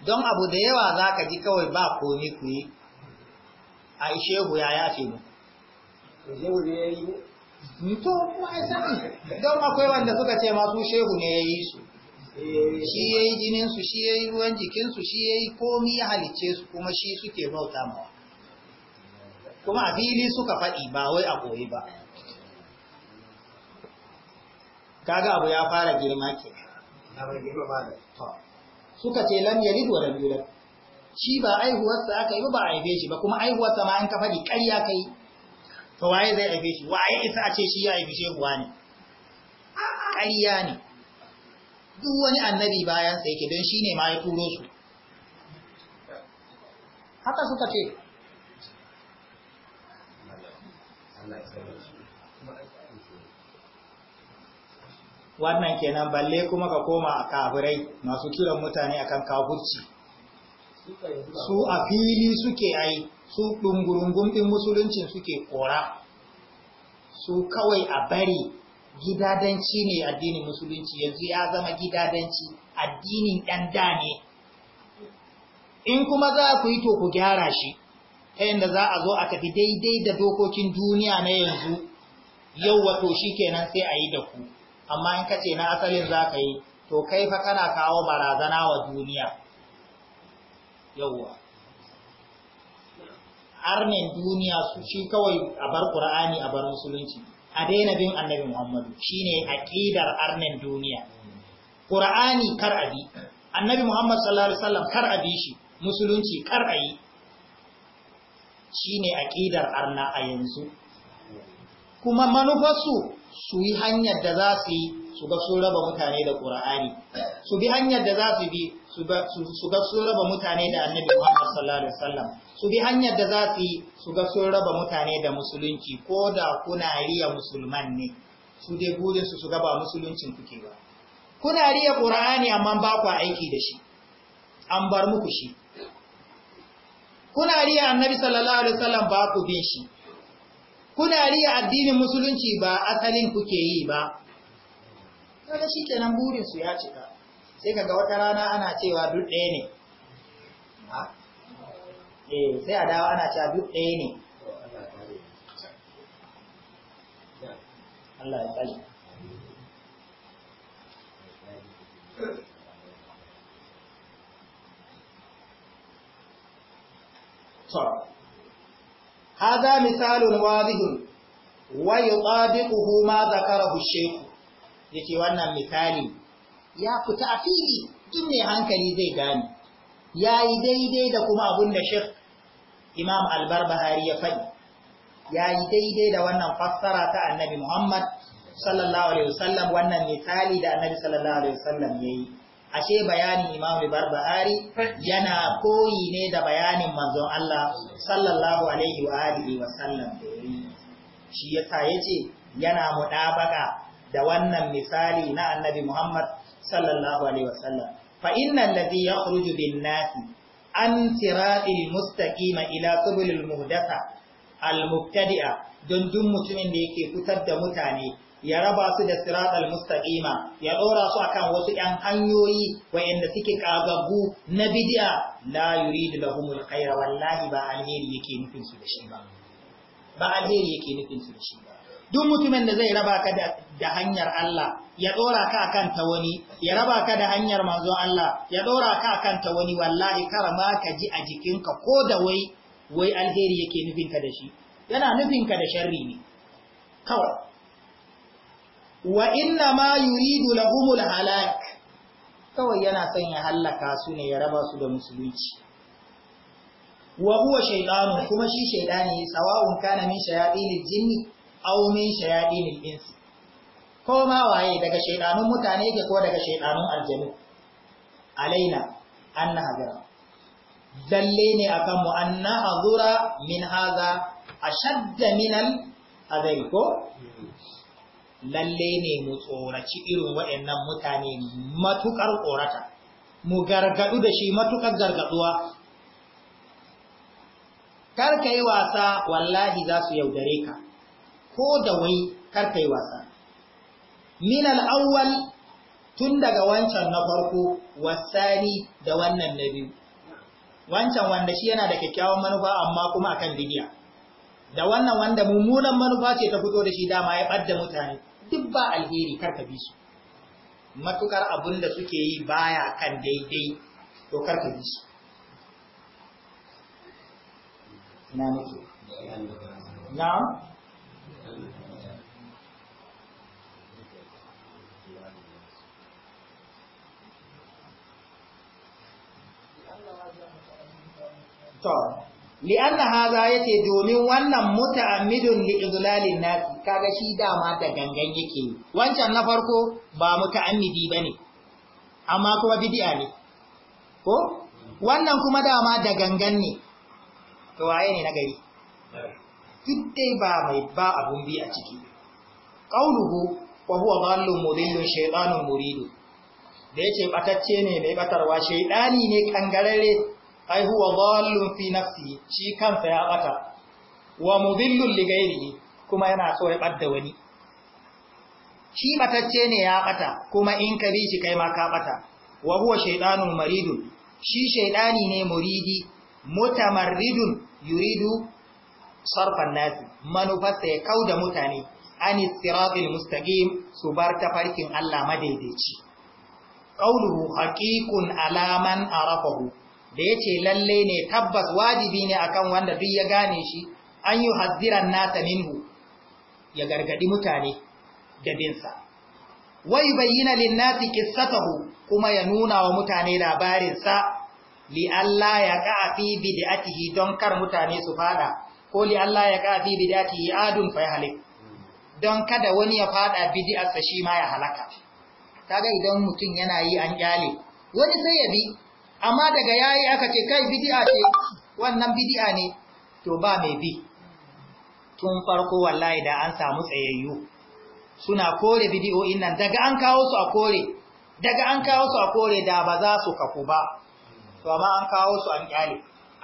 don abu da yawa za ka ji kawai ba komi ku yi a shehu ya yafe mu shehu ne ya yi mu hmm, to kuma ai sani don akwai wanda suka ce su shehu ne ya yi su eh. shi ya yi jininsu shi ya yi ruwan jikinsu shi ya yi komi ya halicce su kuma shi suke bauta mawa kuma a fili suka faɗi ba wai a koyi ba kaga abu ya fara girma ke suka ce lam yalid wa lam yulad shi ba aihuwarsa aka yi ba a haife shi ba kuma aihuwarsa ma an ka faɗi ƙarya kai to waye zai haife shi waye isa a ce shi ya haifi shehuwa ne ƙarya ne duk wani annabi bayansa yake don shi ne ma ya turo su haka suka ce wannan kenan balle kuma ka koma a kafirai masu kiran mutane akan kafurci su a fili suke ai su ɗungurungun ɗin musuluncin suke kora su kawai a bari gidadanci ne addinin musulunci yanzu ya zama gidadanci addinin ɗan da ne in kuma za ku yi to ku gyara shi ta yadda za a zo a tafi daidai da dokokin duniya na yanzu yau wato shi kenan sai a yi da ku amma in ka ce na asalin za ka yi to kai fa kana kawo barazana wa duniya yawwa arnin duniya su shi kawai a bar qur'ani a bar musulunci a daina bin annabi muhammadu shine aqidar arnin duniya qur'ani kar abi annabi muhammad sallallahu alaihi wasallam kar abi shi musulunci kar ayi shine aqidar arna a yanzu kuma manufarsu su yi hanyar da za su yi su ga sun raba mutane da ƙura'ani su bi hanyar da za su bi su ga sun raba mutane da annabi Muhammad sallallahu alaihi wasallam su bi hanyar da za su yi su ga sun raba mutane da musulunci ko da kuna riya musulman ne su dai burin su su ga ba musuluncin kuke ba kuna riya qur'ani amma ba ku aiki da shi an bar muku shi kuna riya annabi sallallahu alaihi wasallam ba ku bin shi kuna riya addinin musulunci ba asalin kuke yi ba shi kenan burin su ya cika sai ga wata rana ana cewa duk ɗaya ne eh sai a dawo ana cewa duk ɗaya ne Allah ya tsare هذا مثال واضح ويطابقه ما ذكره الشيخ yake wannan misali ya fita a fili duk mai hankali zai gane ya yi daidai da kuma abin da shek imam Bahari ya faɗi ya yi daidai da wannan fassara ta annabi muhammad sallallahu alaihi wasallam wannan misali da annabi sallallahu alaihi wasallam ya yi ashe bayanin imam Bahari yana koyi ne da bayanin manzon allah sallallahu alaihi wa alihi wasallam da ya yi shi yasa yace yana muɗabaka da wannan misali na annabi muhammad sallallahu alaihi wasallam fa innal ladhi yakhruju bin nasi an siratil mustaqima ila subulil muhdatha al mubtadi'a don duk mutumin da yake fitar da mutane ya raba su da siratal mustaqima ya dora su akan wasu 'yan hanyoyi wayanda suke kagaggu na bid'a la yuridu lahumul khaira wallahi ba alheri yake nufin su da shi ba ba alheri yake nufin su da shi ba duk mutumin da zai raba ka da hanyar Allah ya dora ka akan ta wani ya raba ka da hanyar manzon Allah ya dora ka akan ta wani wallahi karama ka ji a jikinka ko da wai wai alheri yake nufin ka da shi yana nufin ka da sharri ne kawai wa inna ma yuridu lahumul halak kawai yana son ya hallaka su ne ya raba su da musulunci wa huwa shaytanu kuma shi shaytani sawa'un kana min shayatin jinni aumin shayaɗin shayatinil ko ma waye daga shaiɗanun mutane yake ko daga shaiɗanun aljanu alaina an nahzara dalle ne akan mu an nahzura min hadha ashadda min al azari ko lalle ne mu tsoraci irin waɗannan mutane matukar tsorata mu gargadu da shi matukar gargaduwa kar ka yi wasa wallahi za su yaudare ka ko da wai karkai wasa min al'awwal tun daga wancan na farko wasani da wannan na biyu wancan wanda shi yana da kyakkyawan manufa amma kuma akan bidiya da wannan wanda mummunan manufa ce ta fito da shi dama ya ɓadda mutane duk ba alheri karka bi su matukar abin da suke yi baya kan daidai to karka bi su na nake na to li'anna haza ce domin wannan muta'ammidun li idlalin nas kaga shi dama da gangan yake wancan na farko ba muta'ammidi bane amma kuma bid'a ne ko wannan kuma dama da gangan ne to waye ne na gari duk ba mai ba abun bi a ciki qauluhu wa huwa dhallun mudillun shaytanun muridu da yace batacce ne mai batarwa shaytani ne kangarare ai huwa dhallun fi nafsi shi kansa ya bata wa mudillun li ghairihi kuma yana so ya bada wani shi matacce ne ya bata kuma in ka bi shi kai ma ka bata wa huwa shaytanun maridun shi shaytani ne muridi mutamarridun yuridu sarfan nasi manufarsa ya kauda mutane ani siratul mustaqim su bar farkin Allah madaidaici qawluhu haqiqun alaman arafahu da ya ce lalle ne tabbas wajibi ne akan wanda duk ya gane shi an yi haziran nasa minhu ya gargadi mutane da binsa wai bayyana linnasi kissatahu kuma ya nuna wa mutane labarinsa li Allah ya ka fi bid'atihi don kar mutane su fada ko li Allah ya ka fi bid'atihi adun fa yahlik don kada wani ya fada bid'arsa shi ma ya halaka kaga idan mutum yana yi an kyale wani sai ya bi amma daga yayi aka ce kai bid'a ce wannan bid'a ne to ba mai bi tun farko wallahi da an samu tsayayyu suna kore bidiyoyin nan daga an kawo su a kore daga an kawo su a kore da ba za su kafu ba to amma an kawo su an kyale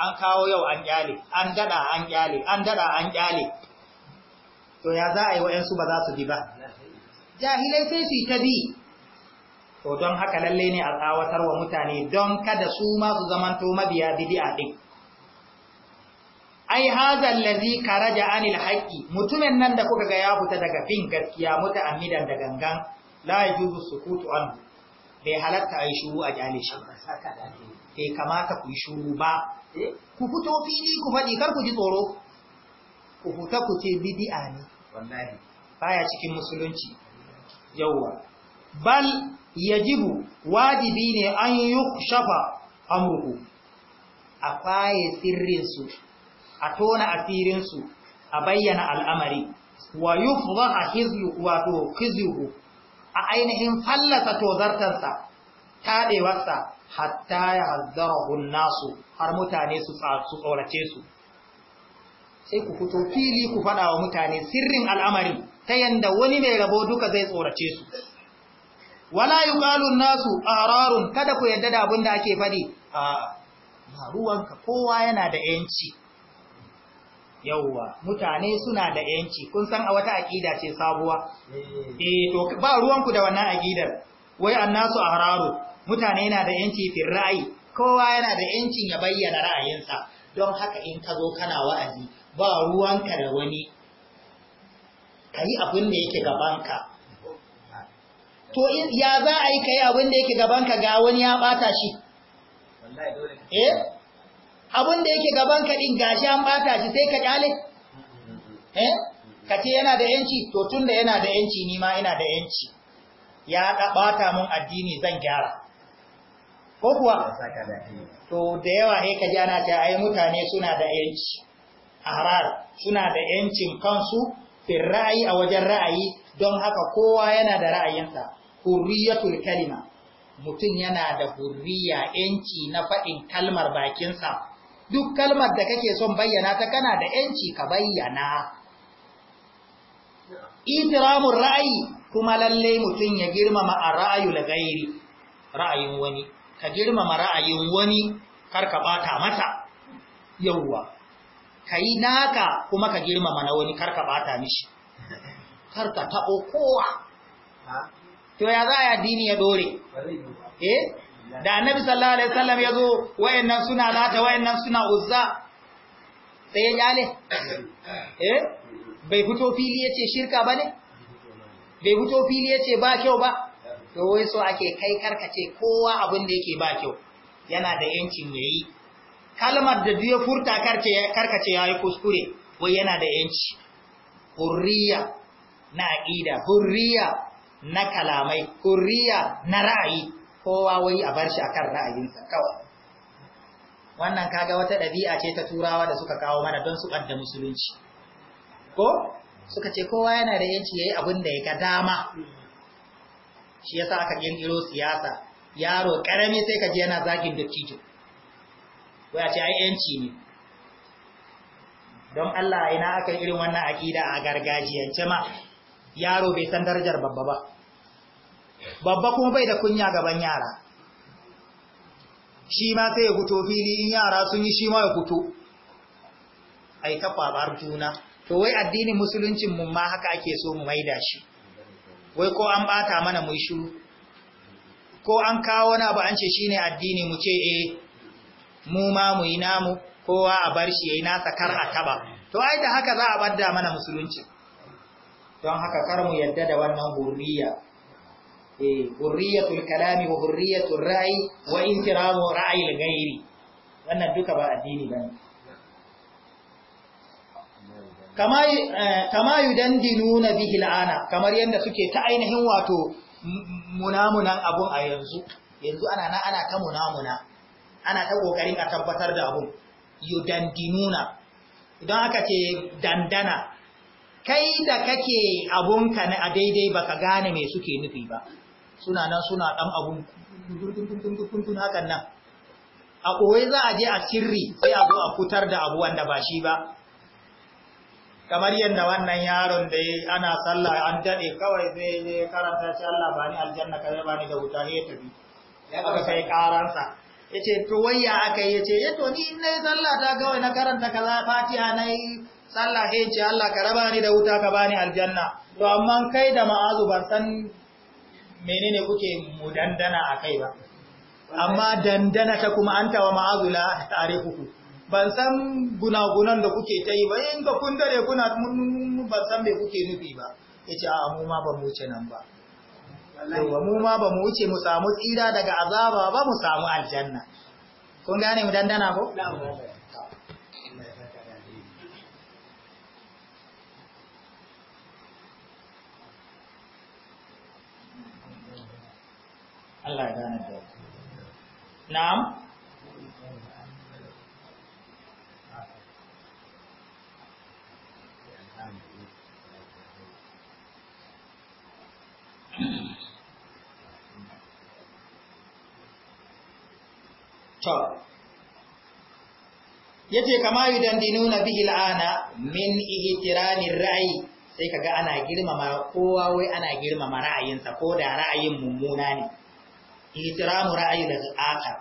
an kawo yau an kyale an dada an kyale an dada an kyale to ya za a yi wa'ansu ba za su bi ba jahilai sai su yi ta bi to don haka lalle ne a tsawatar wa mutane don kada su ma su zamanto mabiya bid'a din ai hadha allazi karaja anil haqqi mutumin nan da kuka ga ya fita daga bin gaskiya muta'ammidan da gangan la yajuzu sukutu an bai halatta ai shuru a kyale shi bai kamata ku shuru ba eh, ku fito fili ku faɗi kar ku ji tsoro ku fita ku ce bid'a ne wallahi baya cikin musulunci yawwa bal yajibu wajibi ne an shafa amruhu a kwaye sirrinsu a tona a asirinsu a bayyana al'amari wa a hizlu wato a ainihin fallasa tozartarsa taɗewarsa hatta ya hazzarahu nasu har mutane su tsorace su sai ku fito fili ku faɗa wa mutane sirrin al'amari ta yanda wani mai rabo duka zai tsorace su wala yuqalu nasu ararun kada ku yadda da abin da ake fadi a ruwanka kowa yana da yanci yauwa mutane suna da yanci kun san a wata aƙida ce sabuwa eh. Eh, ba ruwanku da wannan akidar wai an a hararu mutane yana da yanci fin ra'ayi kowa yana da yancin ya bayyana ra'ayinsa don haka in ka zo kana wa'azi ba ruwanka da wani Ka yi abin da yake gabanka to ya za a yi kai abin da yake gabanka ga wani ya bata shi eh abin da yake gabanka din gashi an bata shi sai ka kyale eh kace yana da yanci to tunda yana da yanci ni ma ina da yanci ya da bata mun addini zan gyara ko kuwa to da yawa ne ka ji ana ta, ai mutane suna da yanci ahrar suna da yancin kansu fir ra'ayi a wajen ra'ayi don haka kowa yana da ra'ayinsa hurriyatul kalima mutum yana da hurriya yanci na faɗin kalmar bakinsa duk kalmar da kake son bayyana ta kana da yanci ka bayyana itiramun ra'ayi kuma lalle mutum ya girmama a ra'ayu da gairi ra'ayin wani ka girmama ra'ayin wani kar ka bata masa yauwa ka yi naka kuma ka girmama na wani kar ka bata mishi kar ka taɓo kowa to ya za a addini ya dore eh da annabi sallallahu alaihi wasallam yazo wayannan suna lata wayannan suna uzza sai ya jale eh bai fito fili yace shirka bane bai fito fili yace ba kyau ba to wai so ake kai karkace kowa abin da yake ba kyau yana da yancin yayi kalmar da ya furta karkace ya yi kuskure wai yana da yanci hurriya na aqida hurriya na kalamai kur'iya, na ra'ayi kowa wai a bar shi a kan ra'ayinsa kawai wannan kaga wata ɗabi'a ce ta turawa da suka kawo mana don su ɓadda musulunci ko suka ce kowa yana da yanci yi abin da ya ga dama shi yasa aka ƙirƙiro siyasa yaro ƙarami sai ka ji yana zagin dattijo ko ya ce ai yanci ne don Allah ina aka irin wannan akida a gargajiyance ma yaro bai san darajar babba ba babba kuma bai da kunya gaban yara shi ma sai ya fito fili in yara sun yi shi ma ya fito a yi tafabar juna to wai addinin musuluncin mu ma haka ake so mu maida shi wai ko an bata mana mu shiru ko an kawo wani abu an ce shine addini mu ce eh mu ma mu yi namu kowa a bar shi yayi nasa kar a taba to ai da haka za a bada mana musulunci don haka kar mu yadda da wannan gurbiya. Eh, hurriyatul kalami wa hurriyatul ra'ayi wa intiramu ra'ayil ghairi wannan duka ba addini bane kama eh, kama yudandinuna bihi la'ana, kamar yadda suke ta ainihin wato munamunan abun a yanzu yanzu ana na ana ta munamuna ana ta kokarin a tabbatar da abun yudandinuna idan aka ce dandana kai da kake abunka na a daidai baka gane me suke nufi ba suna nan suna ɗan abun tuntun hakan nan a ɓoye za a je a sirri sai a zo a fitar da abu wanda ba shi ba kamar yadda wannan yaron da ana sallah an daɗe kawai zai je karanta shi Allah ba ni aljanna kaza ba ni da wuta ya tafi aka kai karansa ya ce to wayya aka yi ya ce ya eh, to ni in nayi sallah ta kawai na karanta kaza fatiha na yi sallah ya ce Allah ka raba ni da wuta ka bani aljanna to amma kai da ma'azu ban san menene kuke mu dandana a kai ba amma dandana ta kuma an tawa ma'azula tare kuku ban san gunagunan da kuke ta yi ba in ga kun dare kuna ban san me kuke nufi ba yace a mu ma ba mu ce nan ba yawa mu ma ba mu wuce mu samu tsira daga azaba ba mu samu aljanna kun gane mu dandana ko Allah ya gane da na'am to yace kama idan nuna bihi al'ana min ihtirami ra'ayi sai kaga ana girmama kowa wai ana girmama ra'ayinsa ko da ra'ayin mummuna ne ihtiramu ra'ayi daga aka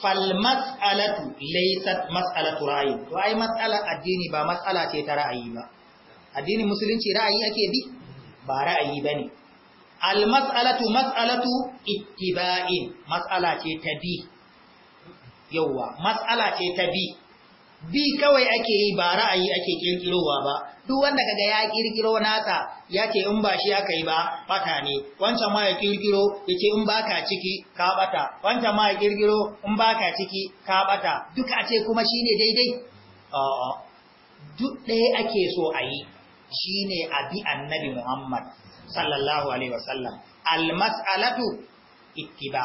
fal mas'alatu laysat mas'alatu ra'ayi to ai mas'ala addini ba mas'ala ce ta ra'ayi ba addinin musulunci ra'ayi ake bi ba ra'ayi bane al mas'alatu mas'alatu ittiba'in mas'ala ce ta bi yawa mas'ala ce ta bi bi kawai ake yi ba ra'ayi ake kirkirowa ba duk wanda kaga ya kirkiro nasa ya ce in ba shi aka yi ba bata ne wancan ma ya kirkiro ya ce in baka ciki ka bata wancan ma ya kirkiro in baka ciki ka bata duk a ce kuma shine daidai a'a duk ɗaya ake so a yi shine bi annabi Muhammad sallallahu alaihi wasallam al mas'alatu ittiba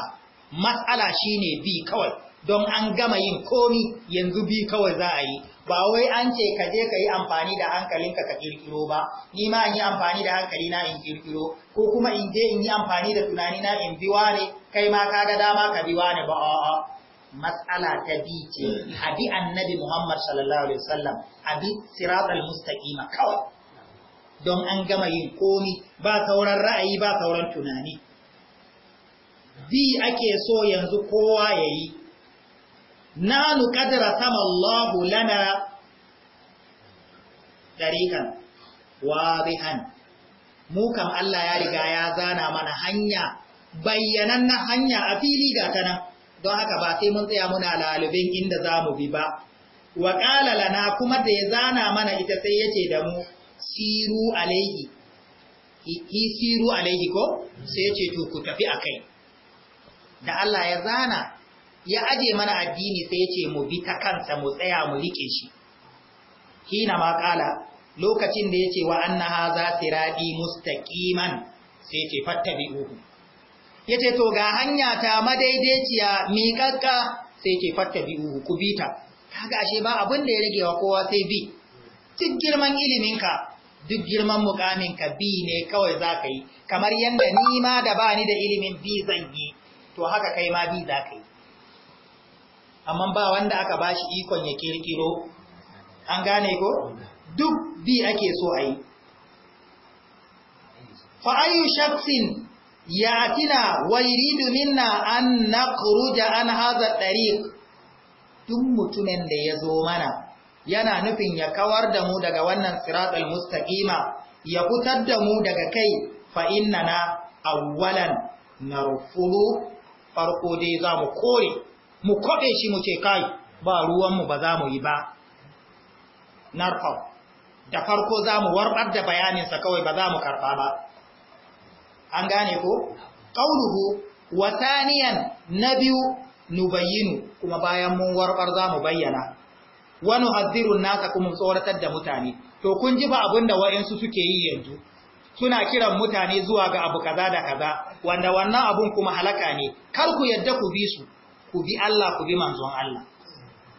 mas'ala shine bi kawai don an gama yin komi yanzu bi kawai za a yi ba wai an ce ka je ka yi amfani da hankalinka ka kirkiro ba ni ma in yi amfani da hankali na in kirkiro ko kuma in je in yi amfani da tunani na in biwa ne kai ma ka ga dama ka biwa ne ba a'a matsala ta bi ce a bi annabi Muhammad sallallahu alaihi wasallam a bi siratal mustaqima kawai don an gama yin komi ba sauran ra'ayi ba sauran tunani bi ake so yanzu kowa ya yi. nanu kadara sama Allahu lana dariqan wadihan mu kam Allah ya riga ya zana mana hanya bayyanan na hanya a fili ga tana don haka ba sai mun tsaya muna lalubin inda zamu bi ba wa qala lana kuma da ya zana mana ita sai yace da mu siru alaihi Siru alaihi ko sai yace to ku tafi a kai. da Allah ya zana ya aje mana addini sai ya ce mu bi ta kansa mu tsaya mu rike shi hina ma kala lokacin da ya ce wa anna haza siradi mustaqiman sai ya ce uku. ya ce to ga hanya ta madaidaiciya miƙaƙƙa sai ya ce uku ku bi ta kaga ashe ba abin da ya rage wa kowa sai bi duk girman iliminka duk girman mukamin ka bi ne kawai za ka yi kamar yadda ni ma da bani da ilimin bi zan yi to haka kai ma bi za ka yi amma ba wanda aka ba shi ikon ya kirkiro an gane ko duk bi ake so a yi fa'ayyu shaksin ya tina wairidu minna an na kuruja an haza ɗari. duk mutumin da ya zo mana yana nufin ya kawar da mu daga wannan siratul mustaƙima ya fitar da mu daga kai fa'inna na awwalan na rufuru farko dai za mu kore mu kwaɗe shi mu ce kai ba ruwanmu ba za mu yi ba narfa da farko za mu warɓar da bayaninsa kawai ba za mu karɓa ba an gane ko ƙauluhu wasaniyan na biyu nubayinu kuma bayan mun warɓar za mu bayyana wani hadirun nasa kuma tsoratar da mutane to kun ji ba abin da wa'insu suke yi yanzu suna kiran mutane zuwa ga abu kaza da kaza wanda wannan abun kuma halaka ne kar ku yadda ku bi su ku bi Allah ku bi manzon Allah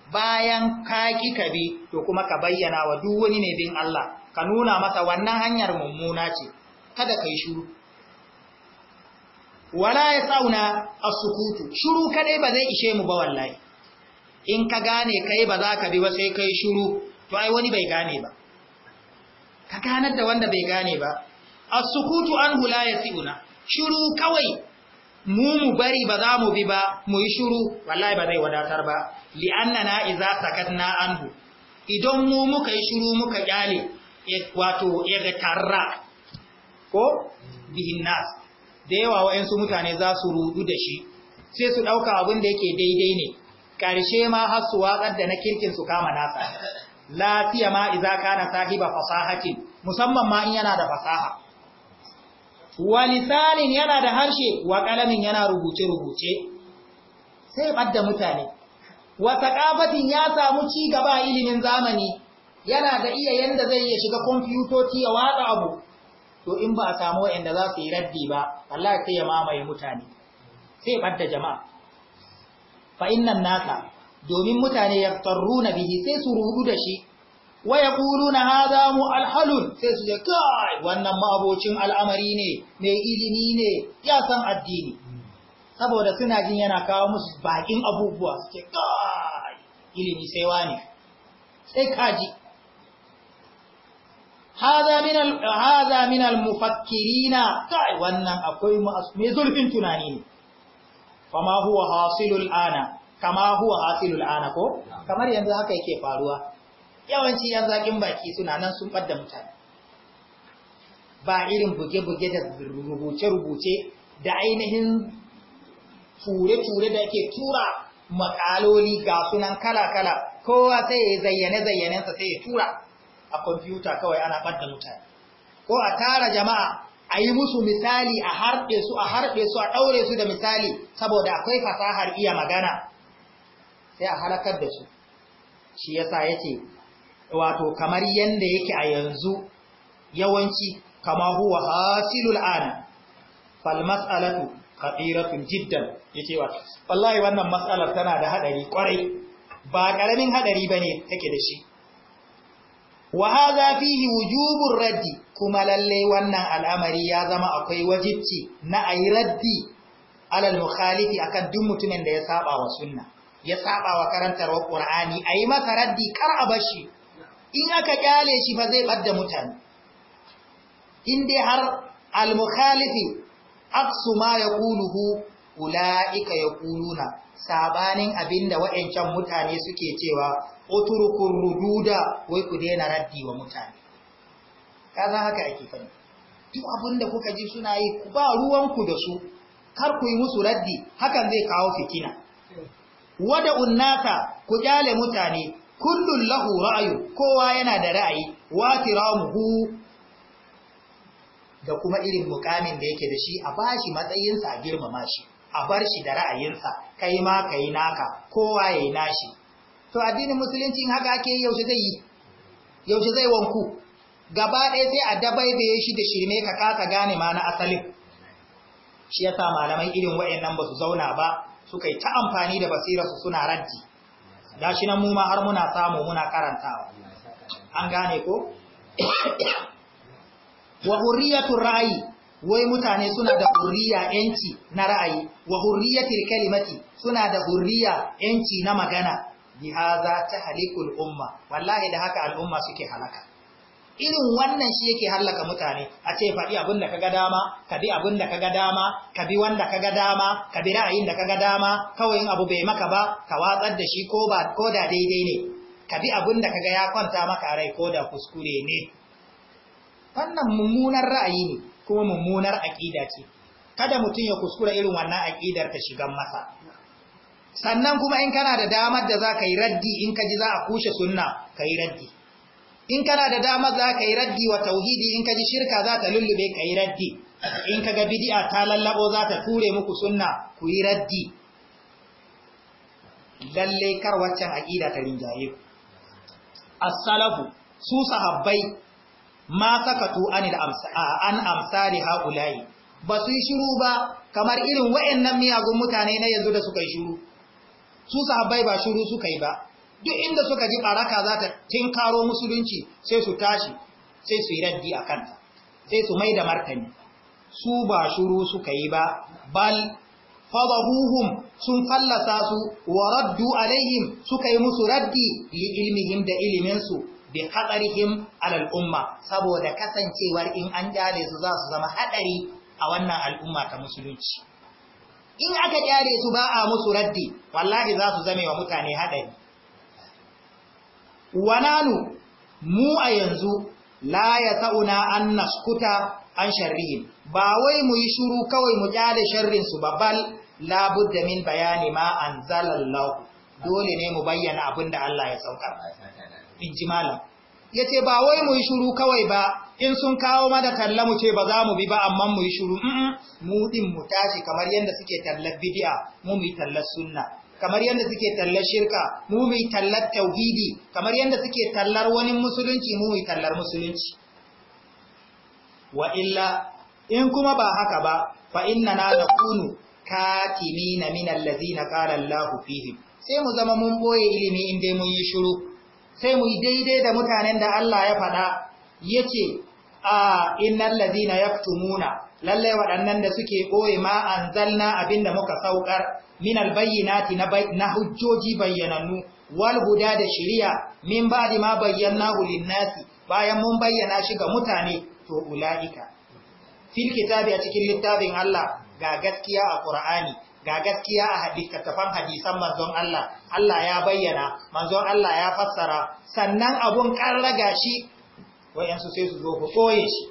bayan ka ki ka bi to kuma ka bayyana wa duk wani ne bin Allah ka nuna masa wannan hanyar mummuna ce kada kai shuru. wala yasauna as-sukutu Shuru kadai ba zai ishe mu ba wallahi in ka gane kai ba za ka bi ba sai kai shuru. to ai wani bai gane ba ka ganar da wanda bai gane ba as-sukutu anhu la yasiuna shiru kawai mu mu bari ba za mu bi ba mu yi shuru wallahi ba zai wadatar ba Li'anna na iza sakat na anhu idan mu muka yi shuru muka kyale eh, wato irtarra eh, ko bihin nas da yawa wa'ansu mutane za su rudu da shi sai su ɗauka abin da yake daidai ne Ƙarshe ma har su watsar da na kirkin su kama nasa lafiya ma iza kana sahiba fasahatin musamman ma in yana da fasaha wa yana da harshe wa kalamin yana rubuce-rubuce sai ɓadda mutane wa ƙafafin ya samu ci gaba ilimin zamani yana da iya yanda zai iya shiga kwamfutoci ya watsa abu to in ba a samu waɗanda za su yi raddi ba Allah sai ya mamaye mutane sai ɓadda jama'a fa innan nasa domin mutane ya tsarru na bihi sai su rudu da shi wa ya na haza mu alhalun sai su ce kai wannan ma'abocin al'amari ne mai ilimi ne ya san addini saboda suna jin yana kawo musu bakin abubuwa su ce kai ilimi sai ne sai kaji haza min al na. kai wannan akwai mai zurfin tunani ne kama huwa hasilul ana kama huwa hasilul ana ko kamar yanzu haka yake faruwa yawanci yan zaƙin baki suna nan sun ɓadda mutane ba irin buge-buge da rubuce-rubuce da ainihin ture-ture da ke tura makaloli ga sunan kala-kala kowa sai ya zayyane-zayyanensa sai ya tura a kwamfuta kawai ana ɓadda mutane ko a tara jama'a a yi musu misali a harɗe su a harɗe su a ɗaure su da misali saboda akwai fasahar iya magana sai a halakar da su shi yasa ya ce wato kamar yanda yake a yanzu yawanci kama huwa hasilul an fal mas'alatu khatiratun jiddan yace wato wallahi wannan mas'alar tana da hadari kwarai ba karamin hadari bane take da shi wa hadha fihi wujubur raddi kuma lalle wannan al'amari ya zama akwai wajibci na ayi raddi alal mukhalifi akan duk mutumin da ya saba wa sunna ya saba wa ƙur'ani. qur'ani ayi masa raddi kar a bashi in aka kyale shi fa zai ɓadda mutane in dai har al-mukhalifi aksu ma yaquluhu ulaika na sabanin abinda wa'ancan mutane suke cewa uturkur rududa wai ku daina raddi wa mutane Ka za haka ake fani duk abinda kuka ji suna yi ku ba ruwanku da su kar ku yi musu raddi hakan zai kawo fitina wada unnaka ku kyale mutane kullun lahu ra'ayu kowa yana da ra'ayi wa tiramuhu da kuma irin mukamin da yake da shi a bashi matsayinsa a girmama shi a bar shi da ra'ayinsa kai ma kai naka kowa yayi nashi to addinin musulunci in haka ake yaushe zai yi yaushe zai wanku gaba ɗaya sai a da shi da shirme ka kasa gane ma na asalin shi yasa malamai irin waɗannan ba su zauna ba suka yi ta amfani da basira su suna raddi gashi nan mu ma har muna samu muna karantawa an gane ko wa hurriyatu ra'ayi wai mutane suna da hurriya yanci na ra'ayi wa hurriyatul kalimati suna da hurriya yanci na magana bi hadha tahlikul umma wallahi da haka al'umma suke halaka irin wannan shi yake hallaka mutane a ce faɗi abin da kaga dama ka bi abin da kaga dama ka bi wanda kaga dama ka bi ra'ayin da kaga dama kawai in abu bai maka ba ka watsar da shi ko ba ko da daidai ne ka bi abin da kaga ya kwanta maka rai ko da kuskure ne wannan mummunar ra'ayi ne kuma mummunar aqida ce kada mutum ya kuskura irin wannan aqidar ta shigan masa sannan kuma in kana da damar da za ka yi raddi in ka ji za a kushe sunna ka yi raddi in kana da dama za ka yi raddi wa tauhidi in ka ji shirka za ta lullube ka yi raddi in ka ga bidi'a ta lallabo za ta ture muku sunna ku yi raddi lalle kar waccan aqida ta rinjaye ku as-salafu su sahabbai ma sakatu anil amsa an amsari haula'i ba su shiru ba kamar irin wayannan miyagun mutane na yanzu da suka yi shiru su sahabbai ba shiru suka yi ba duk inda suka ji baraka za ta tinkaro musulunci sai su tashi sai su yi raddi a kanta sai su mai da martani su ba shuru suka yi ba bal fadahuhum sun fallasa su wa raddu alaihim suka yi musu raddi li ilmihim da iliminsu bi hadarihim alal umma saboda kasancewar in an jale su za su zama haɗari a wannan al'umma ta musulunci in aka kyale su ba a musu raddi wallahi za su zame wa mutane hadari wananu mu a yanzu la ya ta'una an naskuta an sharrihin ba wai mu yi shuru kawai mu kyale sharrin su babbal da min bayani ma an zalallahu dole ne mu bayyana abin da Allah ya sauka. in ji malam yace ba wai mu yi shuru kawai ba in sun kawo mana talla mu ce ba za mu bi ba amma mu yi shuru mu din mu tashi kamar yadda suke tallar bid'a mu mu yi tallar sunna kamar yadda suke tallar shirka mu mai tallar tauhidi kamar yadda suke tallar wani musulunci mu mai tallar musulunci wa illa in kuma ba haka ba fa innana nakunu katimina min allazina qala Allah fihi sai mu zama mun boye ilimi in dai mun yi shiru sai mu yi daidai da mutanen da Allah ya faɗa yace a innal ladina muna, lallai waɗannan da suke boye ma abin da muka saukar min albayyinati na hujjoji bayyanannu wal huda da shiriya min ba'di ma bayyanahu lin-nasi bayan mun bayyana shi ga mutane to ulaika fil kitabi a cikin littafin Allah ga gaskiya a Qur'ani ga gaskiya a hadisan hadisan manzon Allah Allah ya bayyana manzon Allah ya fassara sannan abun karraga shi wayansu sai su zo ku koye shi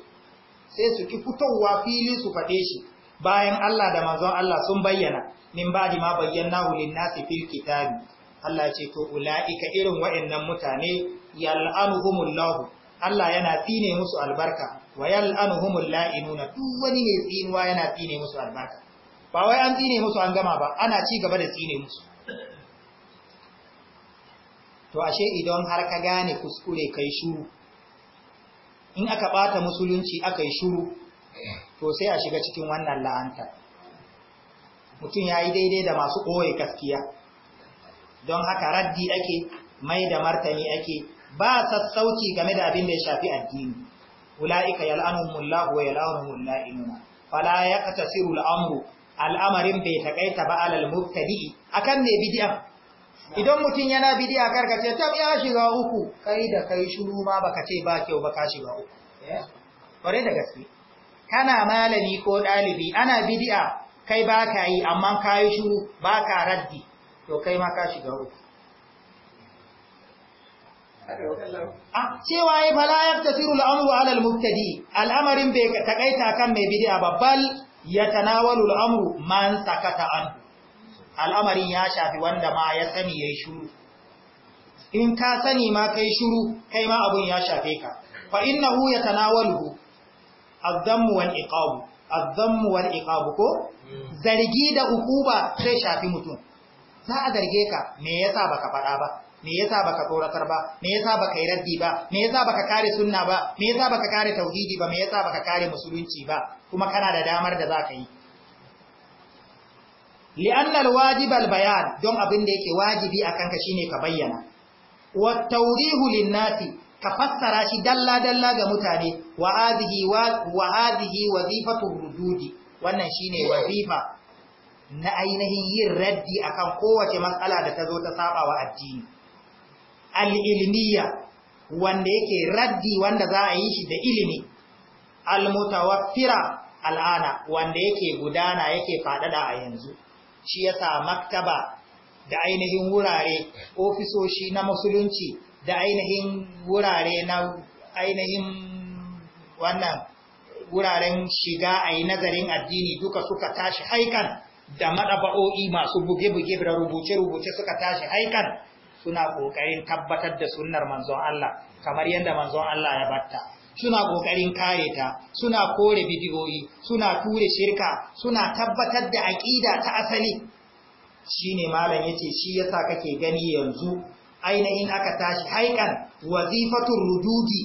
sai su ki fitowa fili su fade shi bayan Allah da manzon Allah sun bayyana min ba'di ma bayyanahu lin-nasi fil kitabi Allah ce to ula'ika irin wa'annan mutane lahu. Allah yana tsine musu albarka wa yal'anuhumul la'inuna duk wani mai tsinuwa yana tsine musu albarka ba wai an tsine musu an gama ba ana ci gaba da tsine musu to ashe idan har ka gane kuskure kai shuru in aka bata musulunci aka yi shuru to sai a shiga cikin wannan la'anta mutum ya yi daidai da masu ɓoye gaskiya don haka raddi ake mai da martani ake ba sassauci game da abin da ya shafi addini ula'ika yal'anuhumullahu wa yal'anuhumul la'inuna fala yaqtasiru al'amru al'amarin bai takaita ba alal mubtadi akan ne bid'a idan mutum yana bid'a karkace tab ya shiga uku kai da kai shiru ma baka ce ba kyau baka shiga uku eh? kware da gaske kana malami ko dalibi ana bid'a kai ba ka yi amma ka yi shuru ba ka raddi to kai ma ka shiga uku cewa ya fala ya tasiru al'amuru alal muftadi al'amarin bai takaita kan mai bid'a babbal ya tanawalu al'amuru man sakata an al'amarin ya shafi wanda ma ya sani ya yi shuru in ka sani ma kai shuru kai ma abun ya shafe ka fa innahu ya tanawalu azzammu wal iqamu azzammu wal iqabu ko zargi da hukuma sai shafi mutum za a zarge ka me yasa baka faɗa ba me yasa baka tsoratar ba me yasa baka yi raddi ba me yasa baka kare sunna ba me yasa baka kare tauhidi ba me yasa baka kare musulunci ba kuma kana da damar da zaka yi li'anna alwajib albayan don abin da yake wajibi akan ka shine ka bayyana wa tawdihu linnati ka fassara shi dalla-dalla ga mutane wa wazifatu rududi wannan shine wazifa na ainihin yin raddi a kan kowace matsala da ta zo ta saba wa addini al-ilmiya wanda yake raddi wanda za a yi shi da ilimi al-mutawaffira al'ana wanda yake gudana yake faɗaɗa a yanzu shi yasa maktaba da ainihin wurare ofisoshi na musulunci da ainihin wurare na ainihin wannan wuraren shiga a yi nazarin addini duka suka tashi haikan da maɗaba'o'i masu buge-buge da rubuce-rubuce suka tashi haikan suna ƙoƙarin tabbatar da sunnar manzon Allah kamar yadda manzon Allah ya batta suna ƙoƙarin kare ta suna kore bidiyoyi suna ture shirka suna tabbatar da aƙida ta asali shine malam yace shi yasa kake gani yanzu ainihin aka tashi haikan wazifatun rududi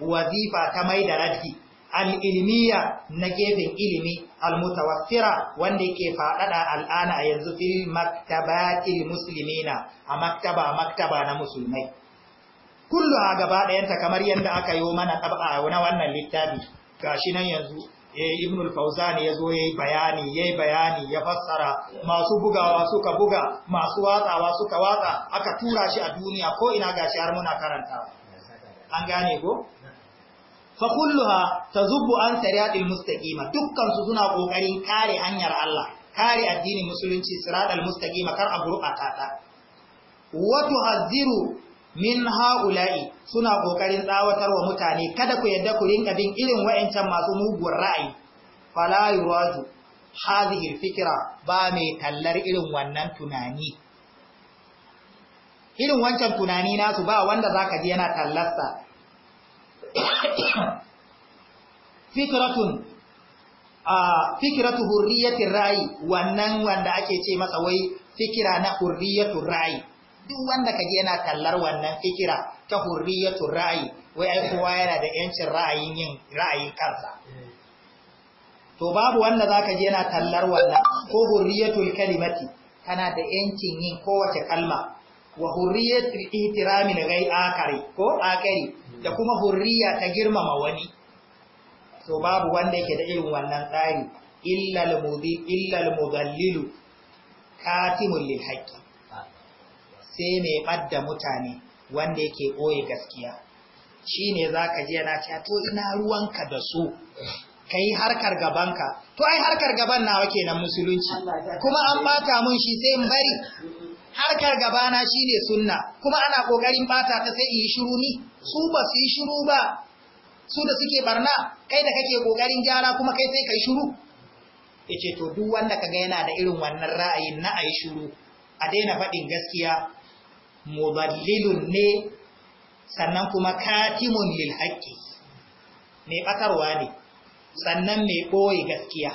wazifa ta mai da raddi al'ilmiya na gefen ilimi al al-mutawassira wanda yake faɗaɗa al'ana a yanzu fil musulmi musulmina a maktaba maktaba na musulmai kullu a gaba ɗayanta kamar yadda aka yi mana ɗaba na wannan littafi gashi nan yanzu ibn al ne ya zo yayi bayani yayi bayani ya fassara masu bugawa suka buga masu watsawa suka watsa aka tura shi a duniya ko ina gashi har muna karanta an gane ko fa kulluha tazubbu an siratil mustaqima dukkan su suna kokarin kare hanyar Allah kare addinin musulunci siratal mustaqima kar a a ta wa haziru. min ha'ula'i suna kokarin wa mutane kada ku yadda ku rinka bin irin wayancan masu muguwar ra'ayi fala yuradu hadhihi fikra ba mai tallar irin wannan tunani irin wancan tunani nasu ba wanda zaka ji yana tallasta fikratun a fikratu hurriyatir ra'ayi wannan wanda ake ce masa wai fikira na hurriyatun rayi duk wanda kaje yana kallar wannan fikira ta hurriyatul ra'ayi wai ai kowa yana da yancin ra'ayin yin ra'ayin kansa to babu wanda zaka je yana kallar wannan ko hurriyatul kalimati kana da yancin yin kowace kalma wa hurriyatul ihtirami gai akari ko akari da kuma hurriya ta girmama wani to babu wanda yake da irin wannan tsari illa al-mudhi illa al-mudallil katimul lil haqqi sai mai ɓadda mutane wanda yake ɓoye gaskiya shi ne za ka ji yana cewa to ina ruwanka da su ka yi harkar gabanka to ai harkar gaban nawa kenan musulunci kuma an bata mun shi sai in bari harkar gabana shi ne sunna kuma ana ƙoƙarin bata ta sai in yi shiru ni su ba su yi shiru ba su da suke barna kai da kake ƙoƙarin gyara kuma kai sai kai shiru yace to duk wanda ka ga yana da irin wannan ra'ayin na ai shiru a daina faɗin gaskiya mudallilun ne sannan kuma katimun lil haqqi mai batarwa ne sannan mai boye gaskiya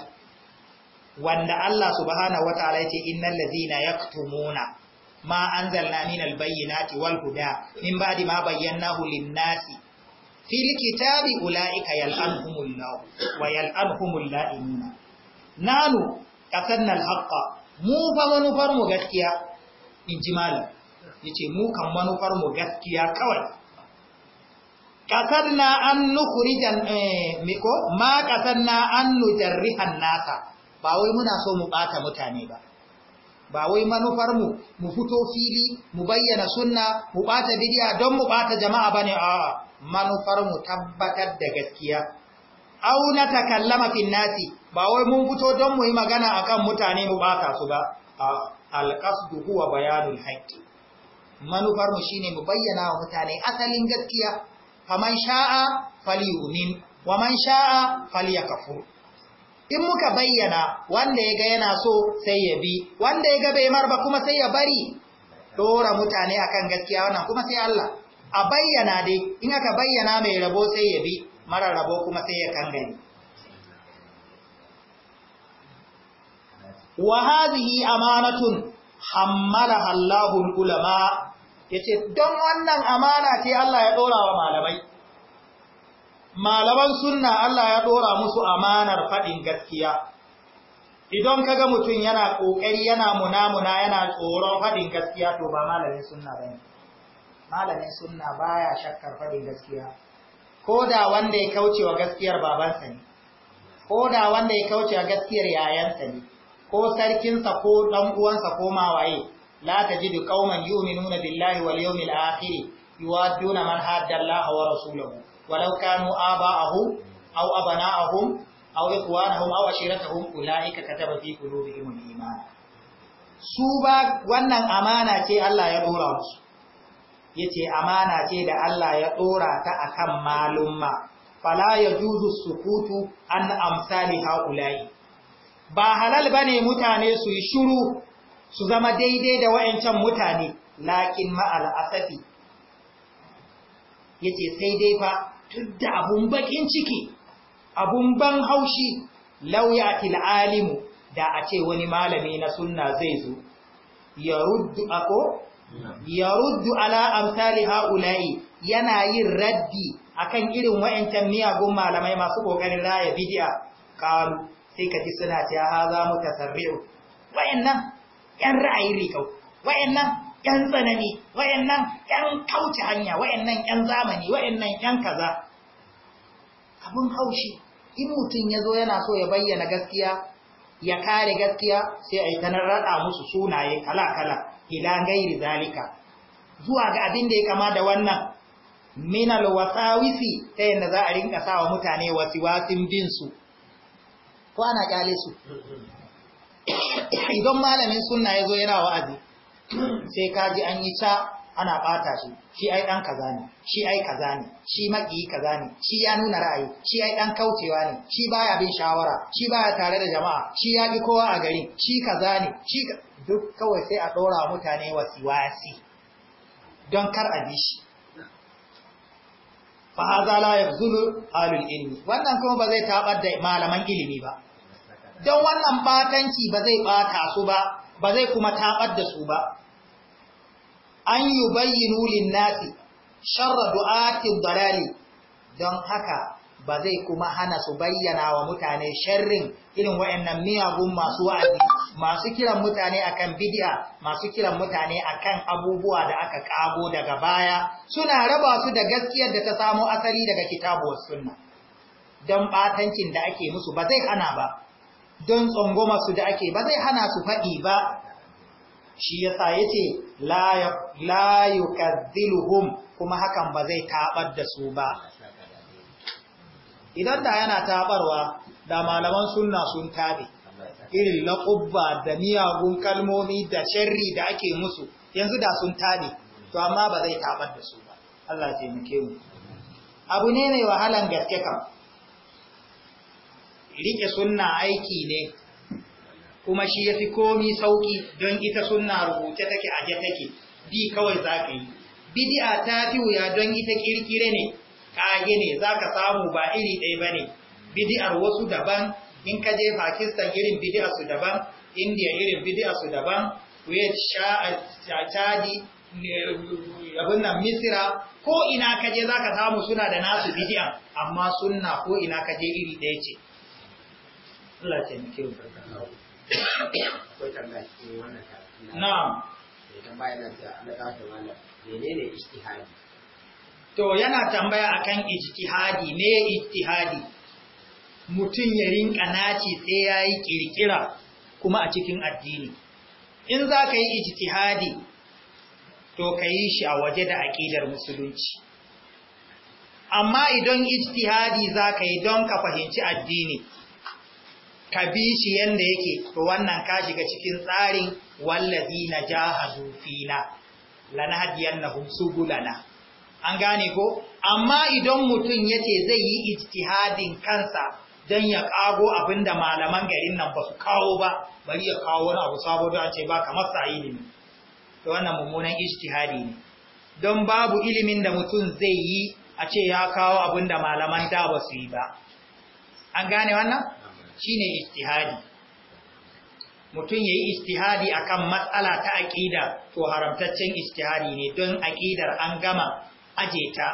wanda Allah subhanahu wataala yace innal ladhina yaktumuna ma anzalna minal bayyinati wal huda min ba'di ma bayyanahu lin-nasi fil kitabi ulaika yal'anhumullahu wa yal'anhumul la'inuna nanu ƙasar al-haqqa mu fa manufar mu gaskiya in ji yace mu kan manufar mu gaskiya kawai kasanna an nukhrijan eh, miko ma kasanna an nujarrihan nasa ba wai muna so mu bata mutane ba ba wai manufar mu mu fito fili mu bayyana sunna mu bata bid'a don mu bata jama'a bane a manufar mu tabbatar da gaskiya au na takallama nasi ba wai mun fito don mu yi magana akan mutane mu bata su ba qasdu huwa bayanul haqqi manufar mu shine mu bayyana wa mutane asalin gaskiya faman sha'a falyumin wa man sha'a falyakfur in muka bayyana wanda yaga yana so sai ya bi wanda yaga bai marba kuma sai ya bari dora mutane akan gaskiya wannan kuma sai Allah a bayyana dai in aka bayyana mai rabo sai ya bi mara rabo kuma sai ya kangani wa hadhihi amanatun hammalaha Allahul ulama yace don wannan amana ce Allah ya dora wa malamai malaman sunna Allah ya dora musu amanar fadin gaskiya idan kaga mutum yana kokari yana munamuna yana tsoron fadin gaskiya to ba malamin sunna bane malamin sunna baya shakkar fadin gaskiya ko da wanda ya kauce wa gaskiyar babansa ne ko da wanda ya kauce wa gaskiyar yayansa ne ko sarkinsa ko dan uwansa ko mawaye la tajidu qauman yu'minuna billahi wal yawmil akhir yuwadduna man haddallaha wa rasulahu walau kanu aba'ahum aw abana'ahum aw ikwanahum aw ashiratahum ulaika kataba fi qulubihim al-iman su ba wannan amana ce Allah ya dora musu yace amana ce da Allah ya dora ta akan malumma fala ya juzu sukutu an amsali haƙulai ba halal bane mutane suyi shiru. su zama daidai da wayancan mutane laƙin ma'al asafi ya ce sai dai fa duk da abun bakin ciki abun ban haushi lauya alimu da a ce wani malami na sunna zai zo ya ruddu ako ya ruddu ala amsali ha'ula'i yana yin raddi akan irin wayancan miyagun malamai masu ƙoƙarin raya bidiya ƙalu sai ka ji suna ta ha za mu tasarri'u wa’yannan yan ra'ayin rikau wayannan yan tsanani wayannan yan kauce hanya wayannan yan zamani wayannan yan kaza abun haushi in mutum ya zo yana so ya bayyana gaskiya ya kare gaskiya sai a yi ta narrada musu sunaye kala-kala ila gairi zalika zuwa ga abin da ya kama da wannan minal wasawisi ta yadda za a rinka sawa mutane wasiwasin binsu kwana ko ana kyale su idan malamin sunna ya zo yana wa'azi sai kaji an yi ta ana ɓata shi shi ai ɗan kaza ne shi ai kaza ne shi maƙiyi kaza ne shi ya nuna ra'ayi shi ai ɗan kaucewa ne shi baya bin shawara shi baya tare da jama'a shi ya bi kowa a gari shi kaza ne shi duk kawai sai a ɗora mutane wasi wasi, don kar a bi shi fa haza la yabzulu alul ilmi wannan kuma ba zai tabar da malaman ilimi ba don wannan batanci ba zai bata su ba ba zai kuma tabar da su ba an yubayyinu lin-nasi sharra du'atil dalali don haka ba zai kuma hana su bayyana wa mutane sharrin irin wayannan miyagun masu wa'azi masu kiran mutane akan bid'a masu kiran mutane akan abubuwa da aka kago daga baya suna raba su da gaskiyar da ta samo asali daga kitabu sunna don batancin da ake musu ba zai hana ba don tsangoma su da ake ba zai hana su faɗi ba shi yasa yace la yukadziluhum kuma hakan ba zai taɓar da su ba idan da yana taɓarwa, da malaman suna sun taɓe irin laƙubba da miyagun kalmomi da sharri da ake musu yanzu da sun taɓe to amma ba zai taɓar da su ba Allah ce taimake mu abu ne mai wahalan gaske kam rike sunna aiki ne kuma shi yafi komi sauƙi, don ita sunna rubuce take aje take bi kawai zaka yi bid'a ta fi wuya don ita kirkire ne kage ne zaka samu ba iri ɗaya bane bid'ar wasu daban in ka je Pakistan irin bidiyar su daban India irin bidiyar su daban Kuwait sha'a Chadi abin nan misira ko ina kaje za ka samu suna da nasu bidiyan amma sunna ko ina kaje iri ɗaya ce Allah tambaya wannan tambaya ta to yana tambaya akan ijtihadi me ijtihadi mutum ya rinka naci sai yayi kirkira kuma a cikin addini in za ka yi ijtihadi to ka yi shi a waje da aƙidar musulunci amma idan ijtihadi za ka yi don ka fahimci addini ka bi shi yanda yake to wannan ka shiga cikin tsarin wallazi wallazina jahazu fina lanahdiyannahum subulana an gane ko amma idan mutum yace zai yi ijtihadin kansa dan ya kago abinda malaman garin nan ba su kawo ba bari ya kawo wani abu sabo da ce ba kamar sa ilimi to wannan mummunan ijtihadi ne don babu ilimin da mutum zai yi a ce ya kawo abinda malaman da ba su yi ba an gane wannan shine ijtihadi mutum yayi ijtihadi akan matsala ta aqida to haramtaccen ijtihadi ne don aqidar an gama aje ta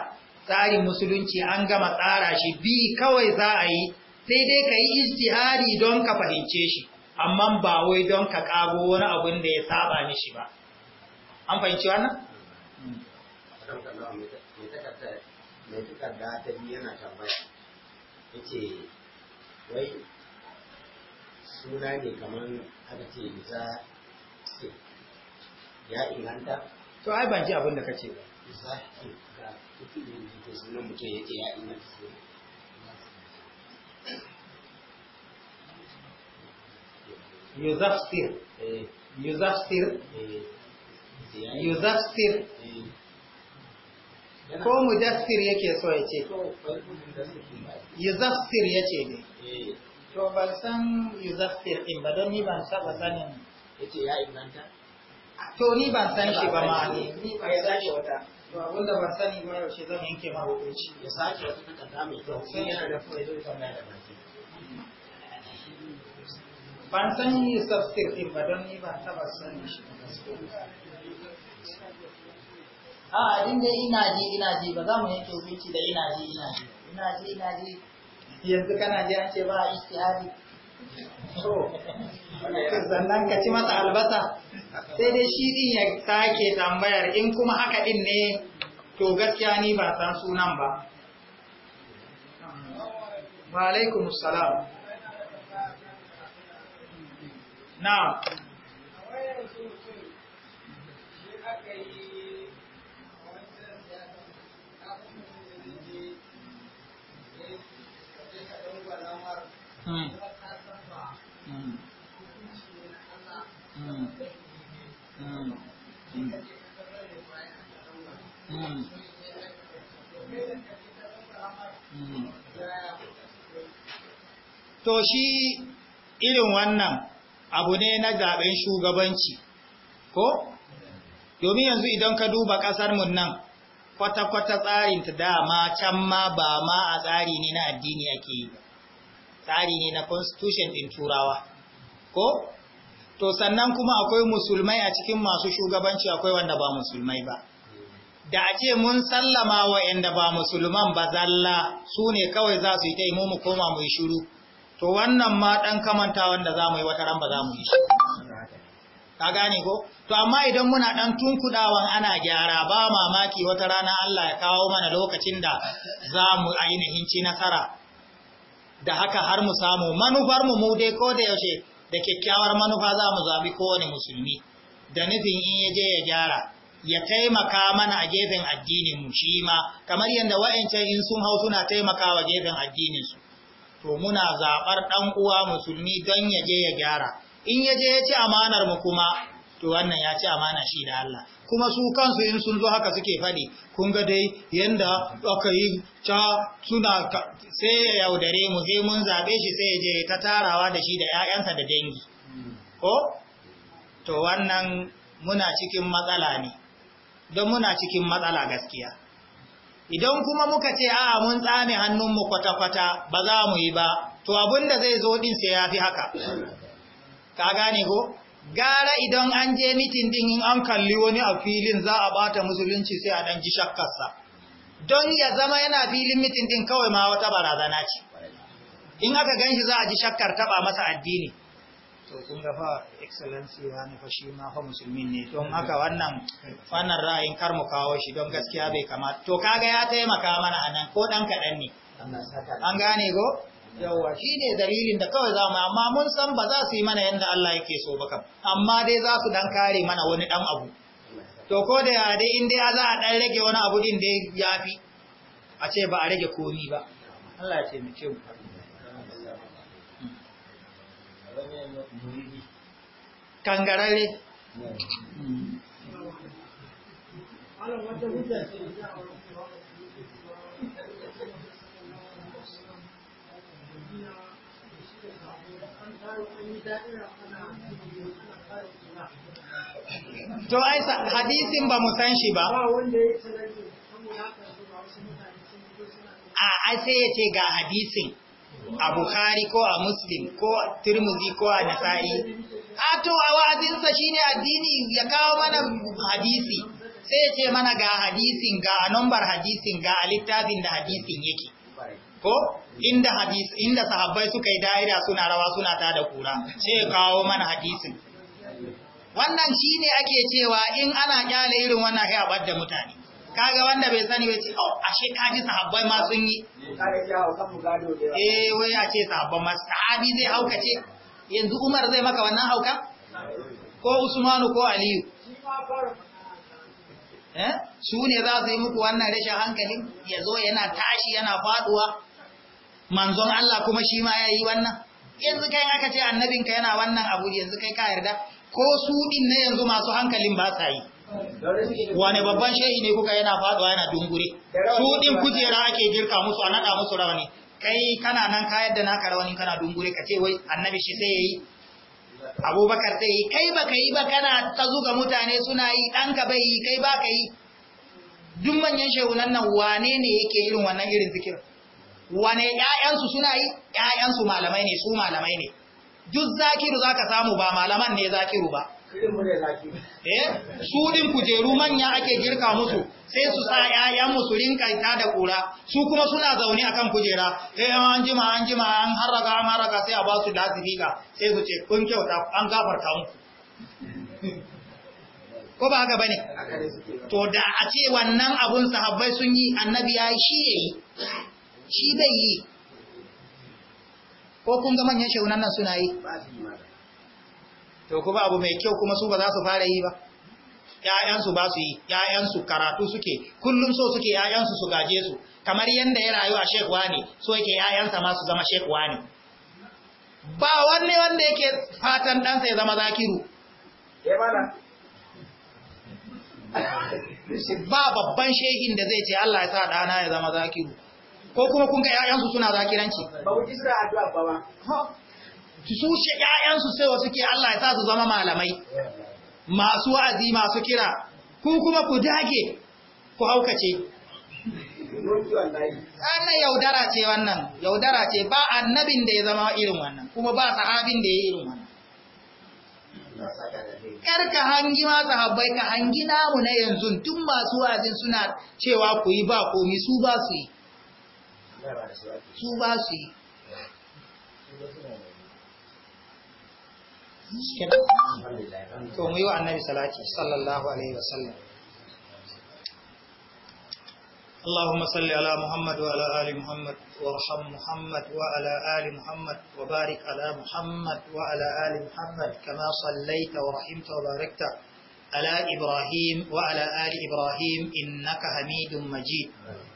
tsarin musulunci an gama tsara shi bi kawai za a yi sai dai ka yi ijtihadi don ka fahimce shi amma ba wai don ka kago wani abin da ya saba mishi ba an fahimci wannan mai takarda ta biyu yana tambaya ce wai suna ne kamar aka ce za ce ya inganta to ai ban ji abin da kace ba za ki ga kuɗi ne da sunan mutum ya ce ya inganta yuzafsir eh. yuzafsir eh. yuzafsir eh. ko mujassir yake so ya ce yuzafsir ya ce ne to ban san yuzaffir din ba don ni ban saba sanin yace ya inganta to ni ban san shi ba ma ne ni ba ya sake wata to abin da ban sani ba yaushe zan yanke ma hukunci ya sake wata takarda mai kyau sai yana da fuwa zai tambaya da baki ban san yuzaffir din ba don ni ban saba sanin shi ba a inda ina ji ina ji ba za mu yanke hukunci da ina ji ina ji ina ji ina ji yanzu kana ji an ce ba a istihadi So, sannan ka ci masa albasa sai dai shi din ya sake tambayar in kuma haka din ne to gaskiya ni ba san sunan ba wa alaikum salam na To shi irin wannan abu ne na zaben shugabanci, ko? Domin yanzu idan ka duba ƙasarmu nan, kwata-kwata tsarinta dama can ma ba ma a tsari ne na addini ake yi ba. tsari ne na constitution din turawa ko to sannan kuma akwai musulmai a cikin masu shugabanci akwai wanda ba musulmai ba da a ce mun sallama wa inda ba musulman ba zalla su ne kawai za su yi ta imu mu koma mu yi to wannan ma ɗan kamanta wanda za mu yi wata ramba za mu yi ka gane ko to amma idan muna ɗan tunkudawan ana gyara ba mamaki wata rana Allah ya kawo mana lokacin da za mu ainihin ci nasara da haka har mu samu manufar mu dai ko da yaushe da kyakkyawar manufa za mu zabi kowane musulmi da nufin in ya je ya gyara ya taimaka mana a gefen addinin mu shi ma kamar yadda wa'ancan in sun hau suna taimakawa gefen addininsu, to muna zabar dan uwa musulmi don ya je ya gyara in ya je ya ci amanar mu kuma to wannan ya ci amana shi da Allah kuma su kansu in sun zo haka suke faɗi kun ga dai yanda aka yi ta suna sai ya yaudare mu sai mun zaɓe shi sai ya je ta tarawa da shi da 'ya'yansa da dangi ko to wannan muna cikin matsala ne don muna cikin matsala gaskiya idan kuma muka ce a mun tsame hannunmu kwata-kwata ba za mu yi ba to abinda zai zo din sai ya fi haka ka gane ko gara idan an je mitin din in an kalli wani a filin za a bata musulunci sai a dan ji shakkarsa don ya zama yana filin mitin din kawai ma wata barazana ce in aka gan shi za a ji shakkar taba masa addini to kun ga fa excellency ya fa shi ma fa musulmi ne don mm. haka wannan wannan ra'ayin kar mu kawo shi don gaskiya bai kamata to kaga ya taimaka mana anan ko dan kaɗan ne an gane go yawa ne dalilin da kawai za mu amma mun san ba za su yi mana yadda Allah yake so ba kam amma dai za su dan kare mana wani dan abu to ko da ya dai in dai za a dan rage wani abu din dai yafi a ce ba a rage komi ba Allah ya ce mu kangarare Allah wata hujja ce to ai hadisin ba mu san shi ba a ai sai ya ce ga hadisin a Bukhari ko a Muslim ko a Tirmidhi ko a Nasa'i a to a wa'azinsa shine addini ya kawo mana hadisi sai ya ce mana ga hadisin ga a number hadisin ga a littafin da hadisin yake ko inda hadis inda sahabbai suka yi daira suna rawa suna ta da kura sai kawo mana hadisin wannan shine ake cewa in ana kyale irin wannan sai a da mutane kaga wanda bai sani bai ce oh ashe kaji sahabbai ma sun yi eh wai a ce sahabban ma sahabi zai hauka ce yanzu Umar zai maka wannan hauka ko Usmanu ko Aliyu eh su ne za su yi muku wannan rashin hankali ya zo yana tashi yana faduwa manzon Allah kuma shi ma ya yi wannan yanzu kai aka ce annabinka yana wannan abu yanzu kai ka yarda ko su din na yanzu masu hankalin ba sa yi wane babban shehi ne kuka yana faduwa yana dungure su din kujera ake girka musu a nada musu rawani kai kana nan ka yadda naka rawani kana dungure ka ce wai annabi shi sai yayi abubakar sai yayi kai baka yi ba kana ta zuga mutane suna yi ɗanka bai yi kai baka yi duk manyan shehunan nan wane ne yake irin wannan irin zikirin wane ‘ya'yansu suna yi ‘ya'yansu malamai ne su malamai ne duk zakiru za ka samu ba malaman ne zakiru ba eh? su ɗin kujeru manya ake girka musu sai su sa ‘ya'yan musu rinka ta da ƙura su kuma suna zaune akan kujera eh an jima an jima an haraka, an haraka sai a ba su lasifika sai su ce kun kyauta an gafarta muku ko ba haka bane to da a ce wannan abun sahabbai sun yi annabi ya yi shi yayi shi zai yi ko kun ga manyan shaunan nan suna yi to kuma abu mai kyau kuma su ba za su fara yi ba ‘ya'yansu ba su yi ‘ya'yansu karatu suke kullum so suke ‘ya'yansu su gaje su kamar yadda ya rayu a shekwa ne so yake sa ma su zama sheikh ne ba wanne wanda yake fatan ɗansa ya zama zakiru eh, ba babban shehin da zai ce Allah ya sa ɗana ya zama zakiru ko kuma kun ga ƴaƴansu suna zakiranci ba ku isra addu'a ba ba su shi ƴaƴansu sai wasu ke Allah ya sa su zama malamai masu wa'azi masu kira ku kuma ku dage ku haukace Annan yaudara ce wannan, yaudara ce ba annabin da ya zama irin wannan, kuma ba sahabin da ya irin wannan. Kar ka hangi ma sahabbai ka hangi namu na yanzu tun masu wazin suna cewa ku yi ba komi su ba su yi. su to mu yi wa annabi salati sallallahu alaihi اللهم صل على محمد وعلى آل محمد وارحم محمد وعلى آل محمد وبارك على محمد وعلى آل محمد كما صليت ورحمت وباركت على إبراهيم وعلى آل إبراهيم إنك حميد مجيد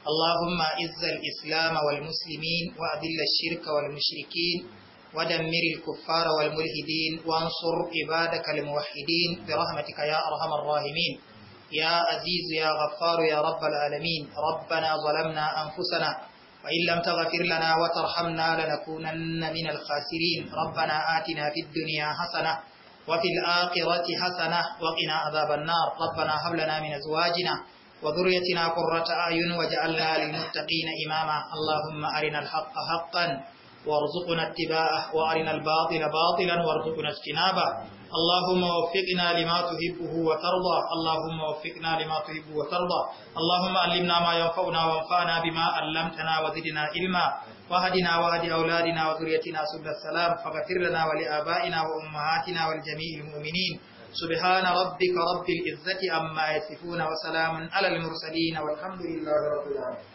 اللهم إز الإسلام والمسلمين وأذل الشرك والمشركين ودمر الكفار والملحدين وانصر عبادك الموحدين برحمتك يا أرحم الراحمين يا عزيز يا غفار يا رب العالمين ربنا ظلمنا أنفسنا وإن لم تغفر لنا وترحمنا لنكونن من الخاسرين ربنا آتنا في الدنيا حسنة وفي الآخرة حسنة وقنا عذاب النار ربنا هب لنا من أزواجنا وذريتنا قرة أعين وجعلنا للمتقين إماما اللهم أرنا الحق حقا وارزقنا اتباعه وأرنا الباطل باطلا وارزقنا اجتنابه اللهم وفقنا لما تحبه وترضى اللهم وفقنا لما تحبه وترضى اللهم علمنا ما ينفعنا وانفعنا بما علمتنا وزدنا علما وهدنا وهدي أولادنا وذريتنا سبل السلام فغفر لنا ولآبائنا وأمهاتنا والجميع المؤمنين سبحان ربك رب العزة أما يصفون وسلام على المرسلين والحمد لله رب العالمين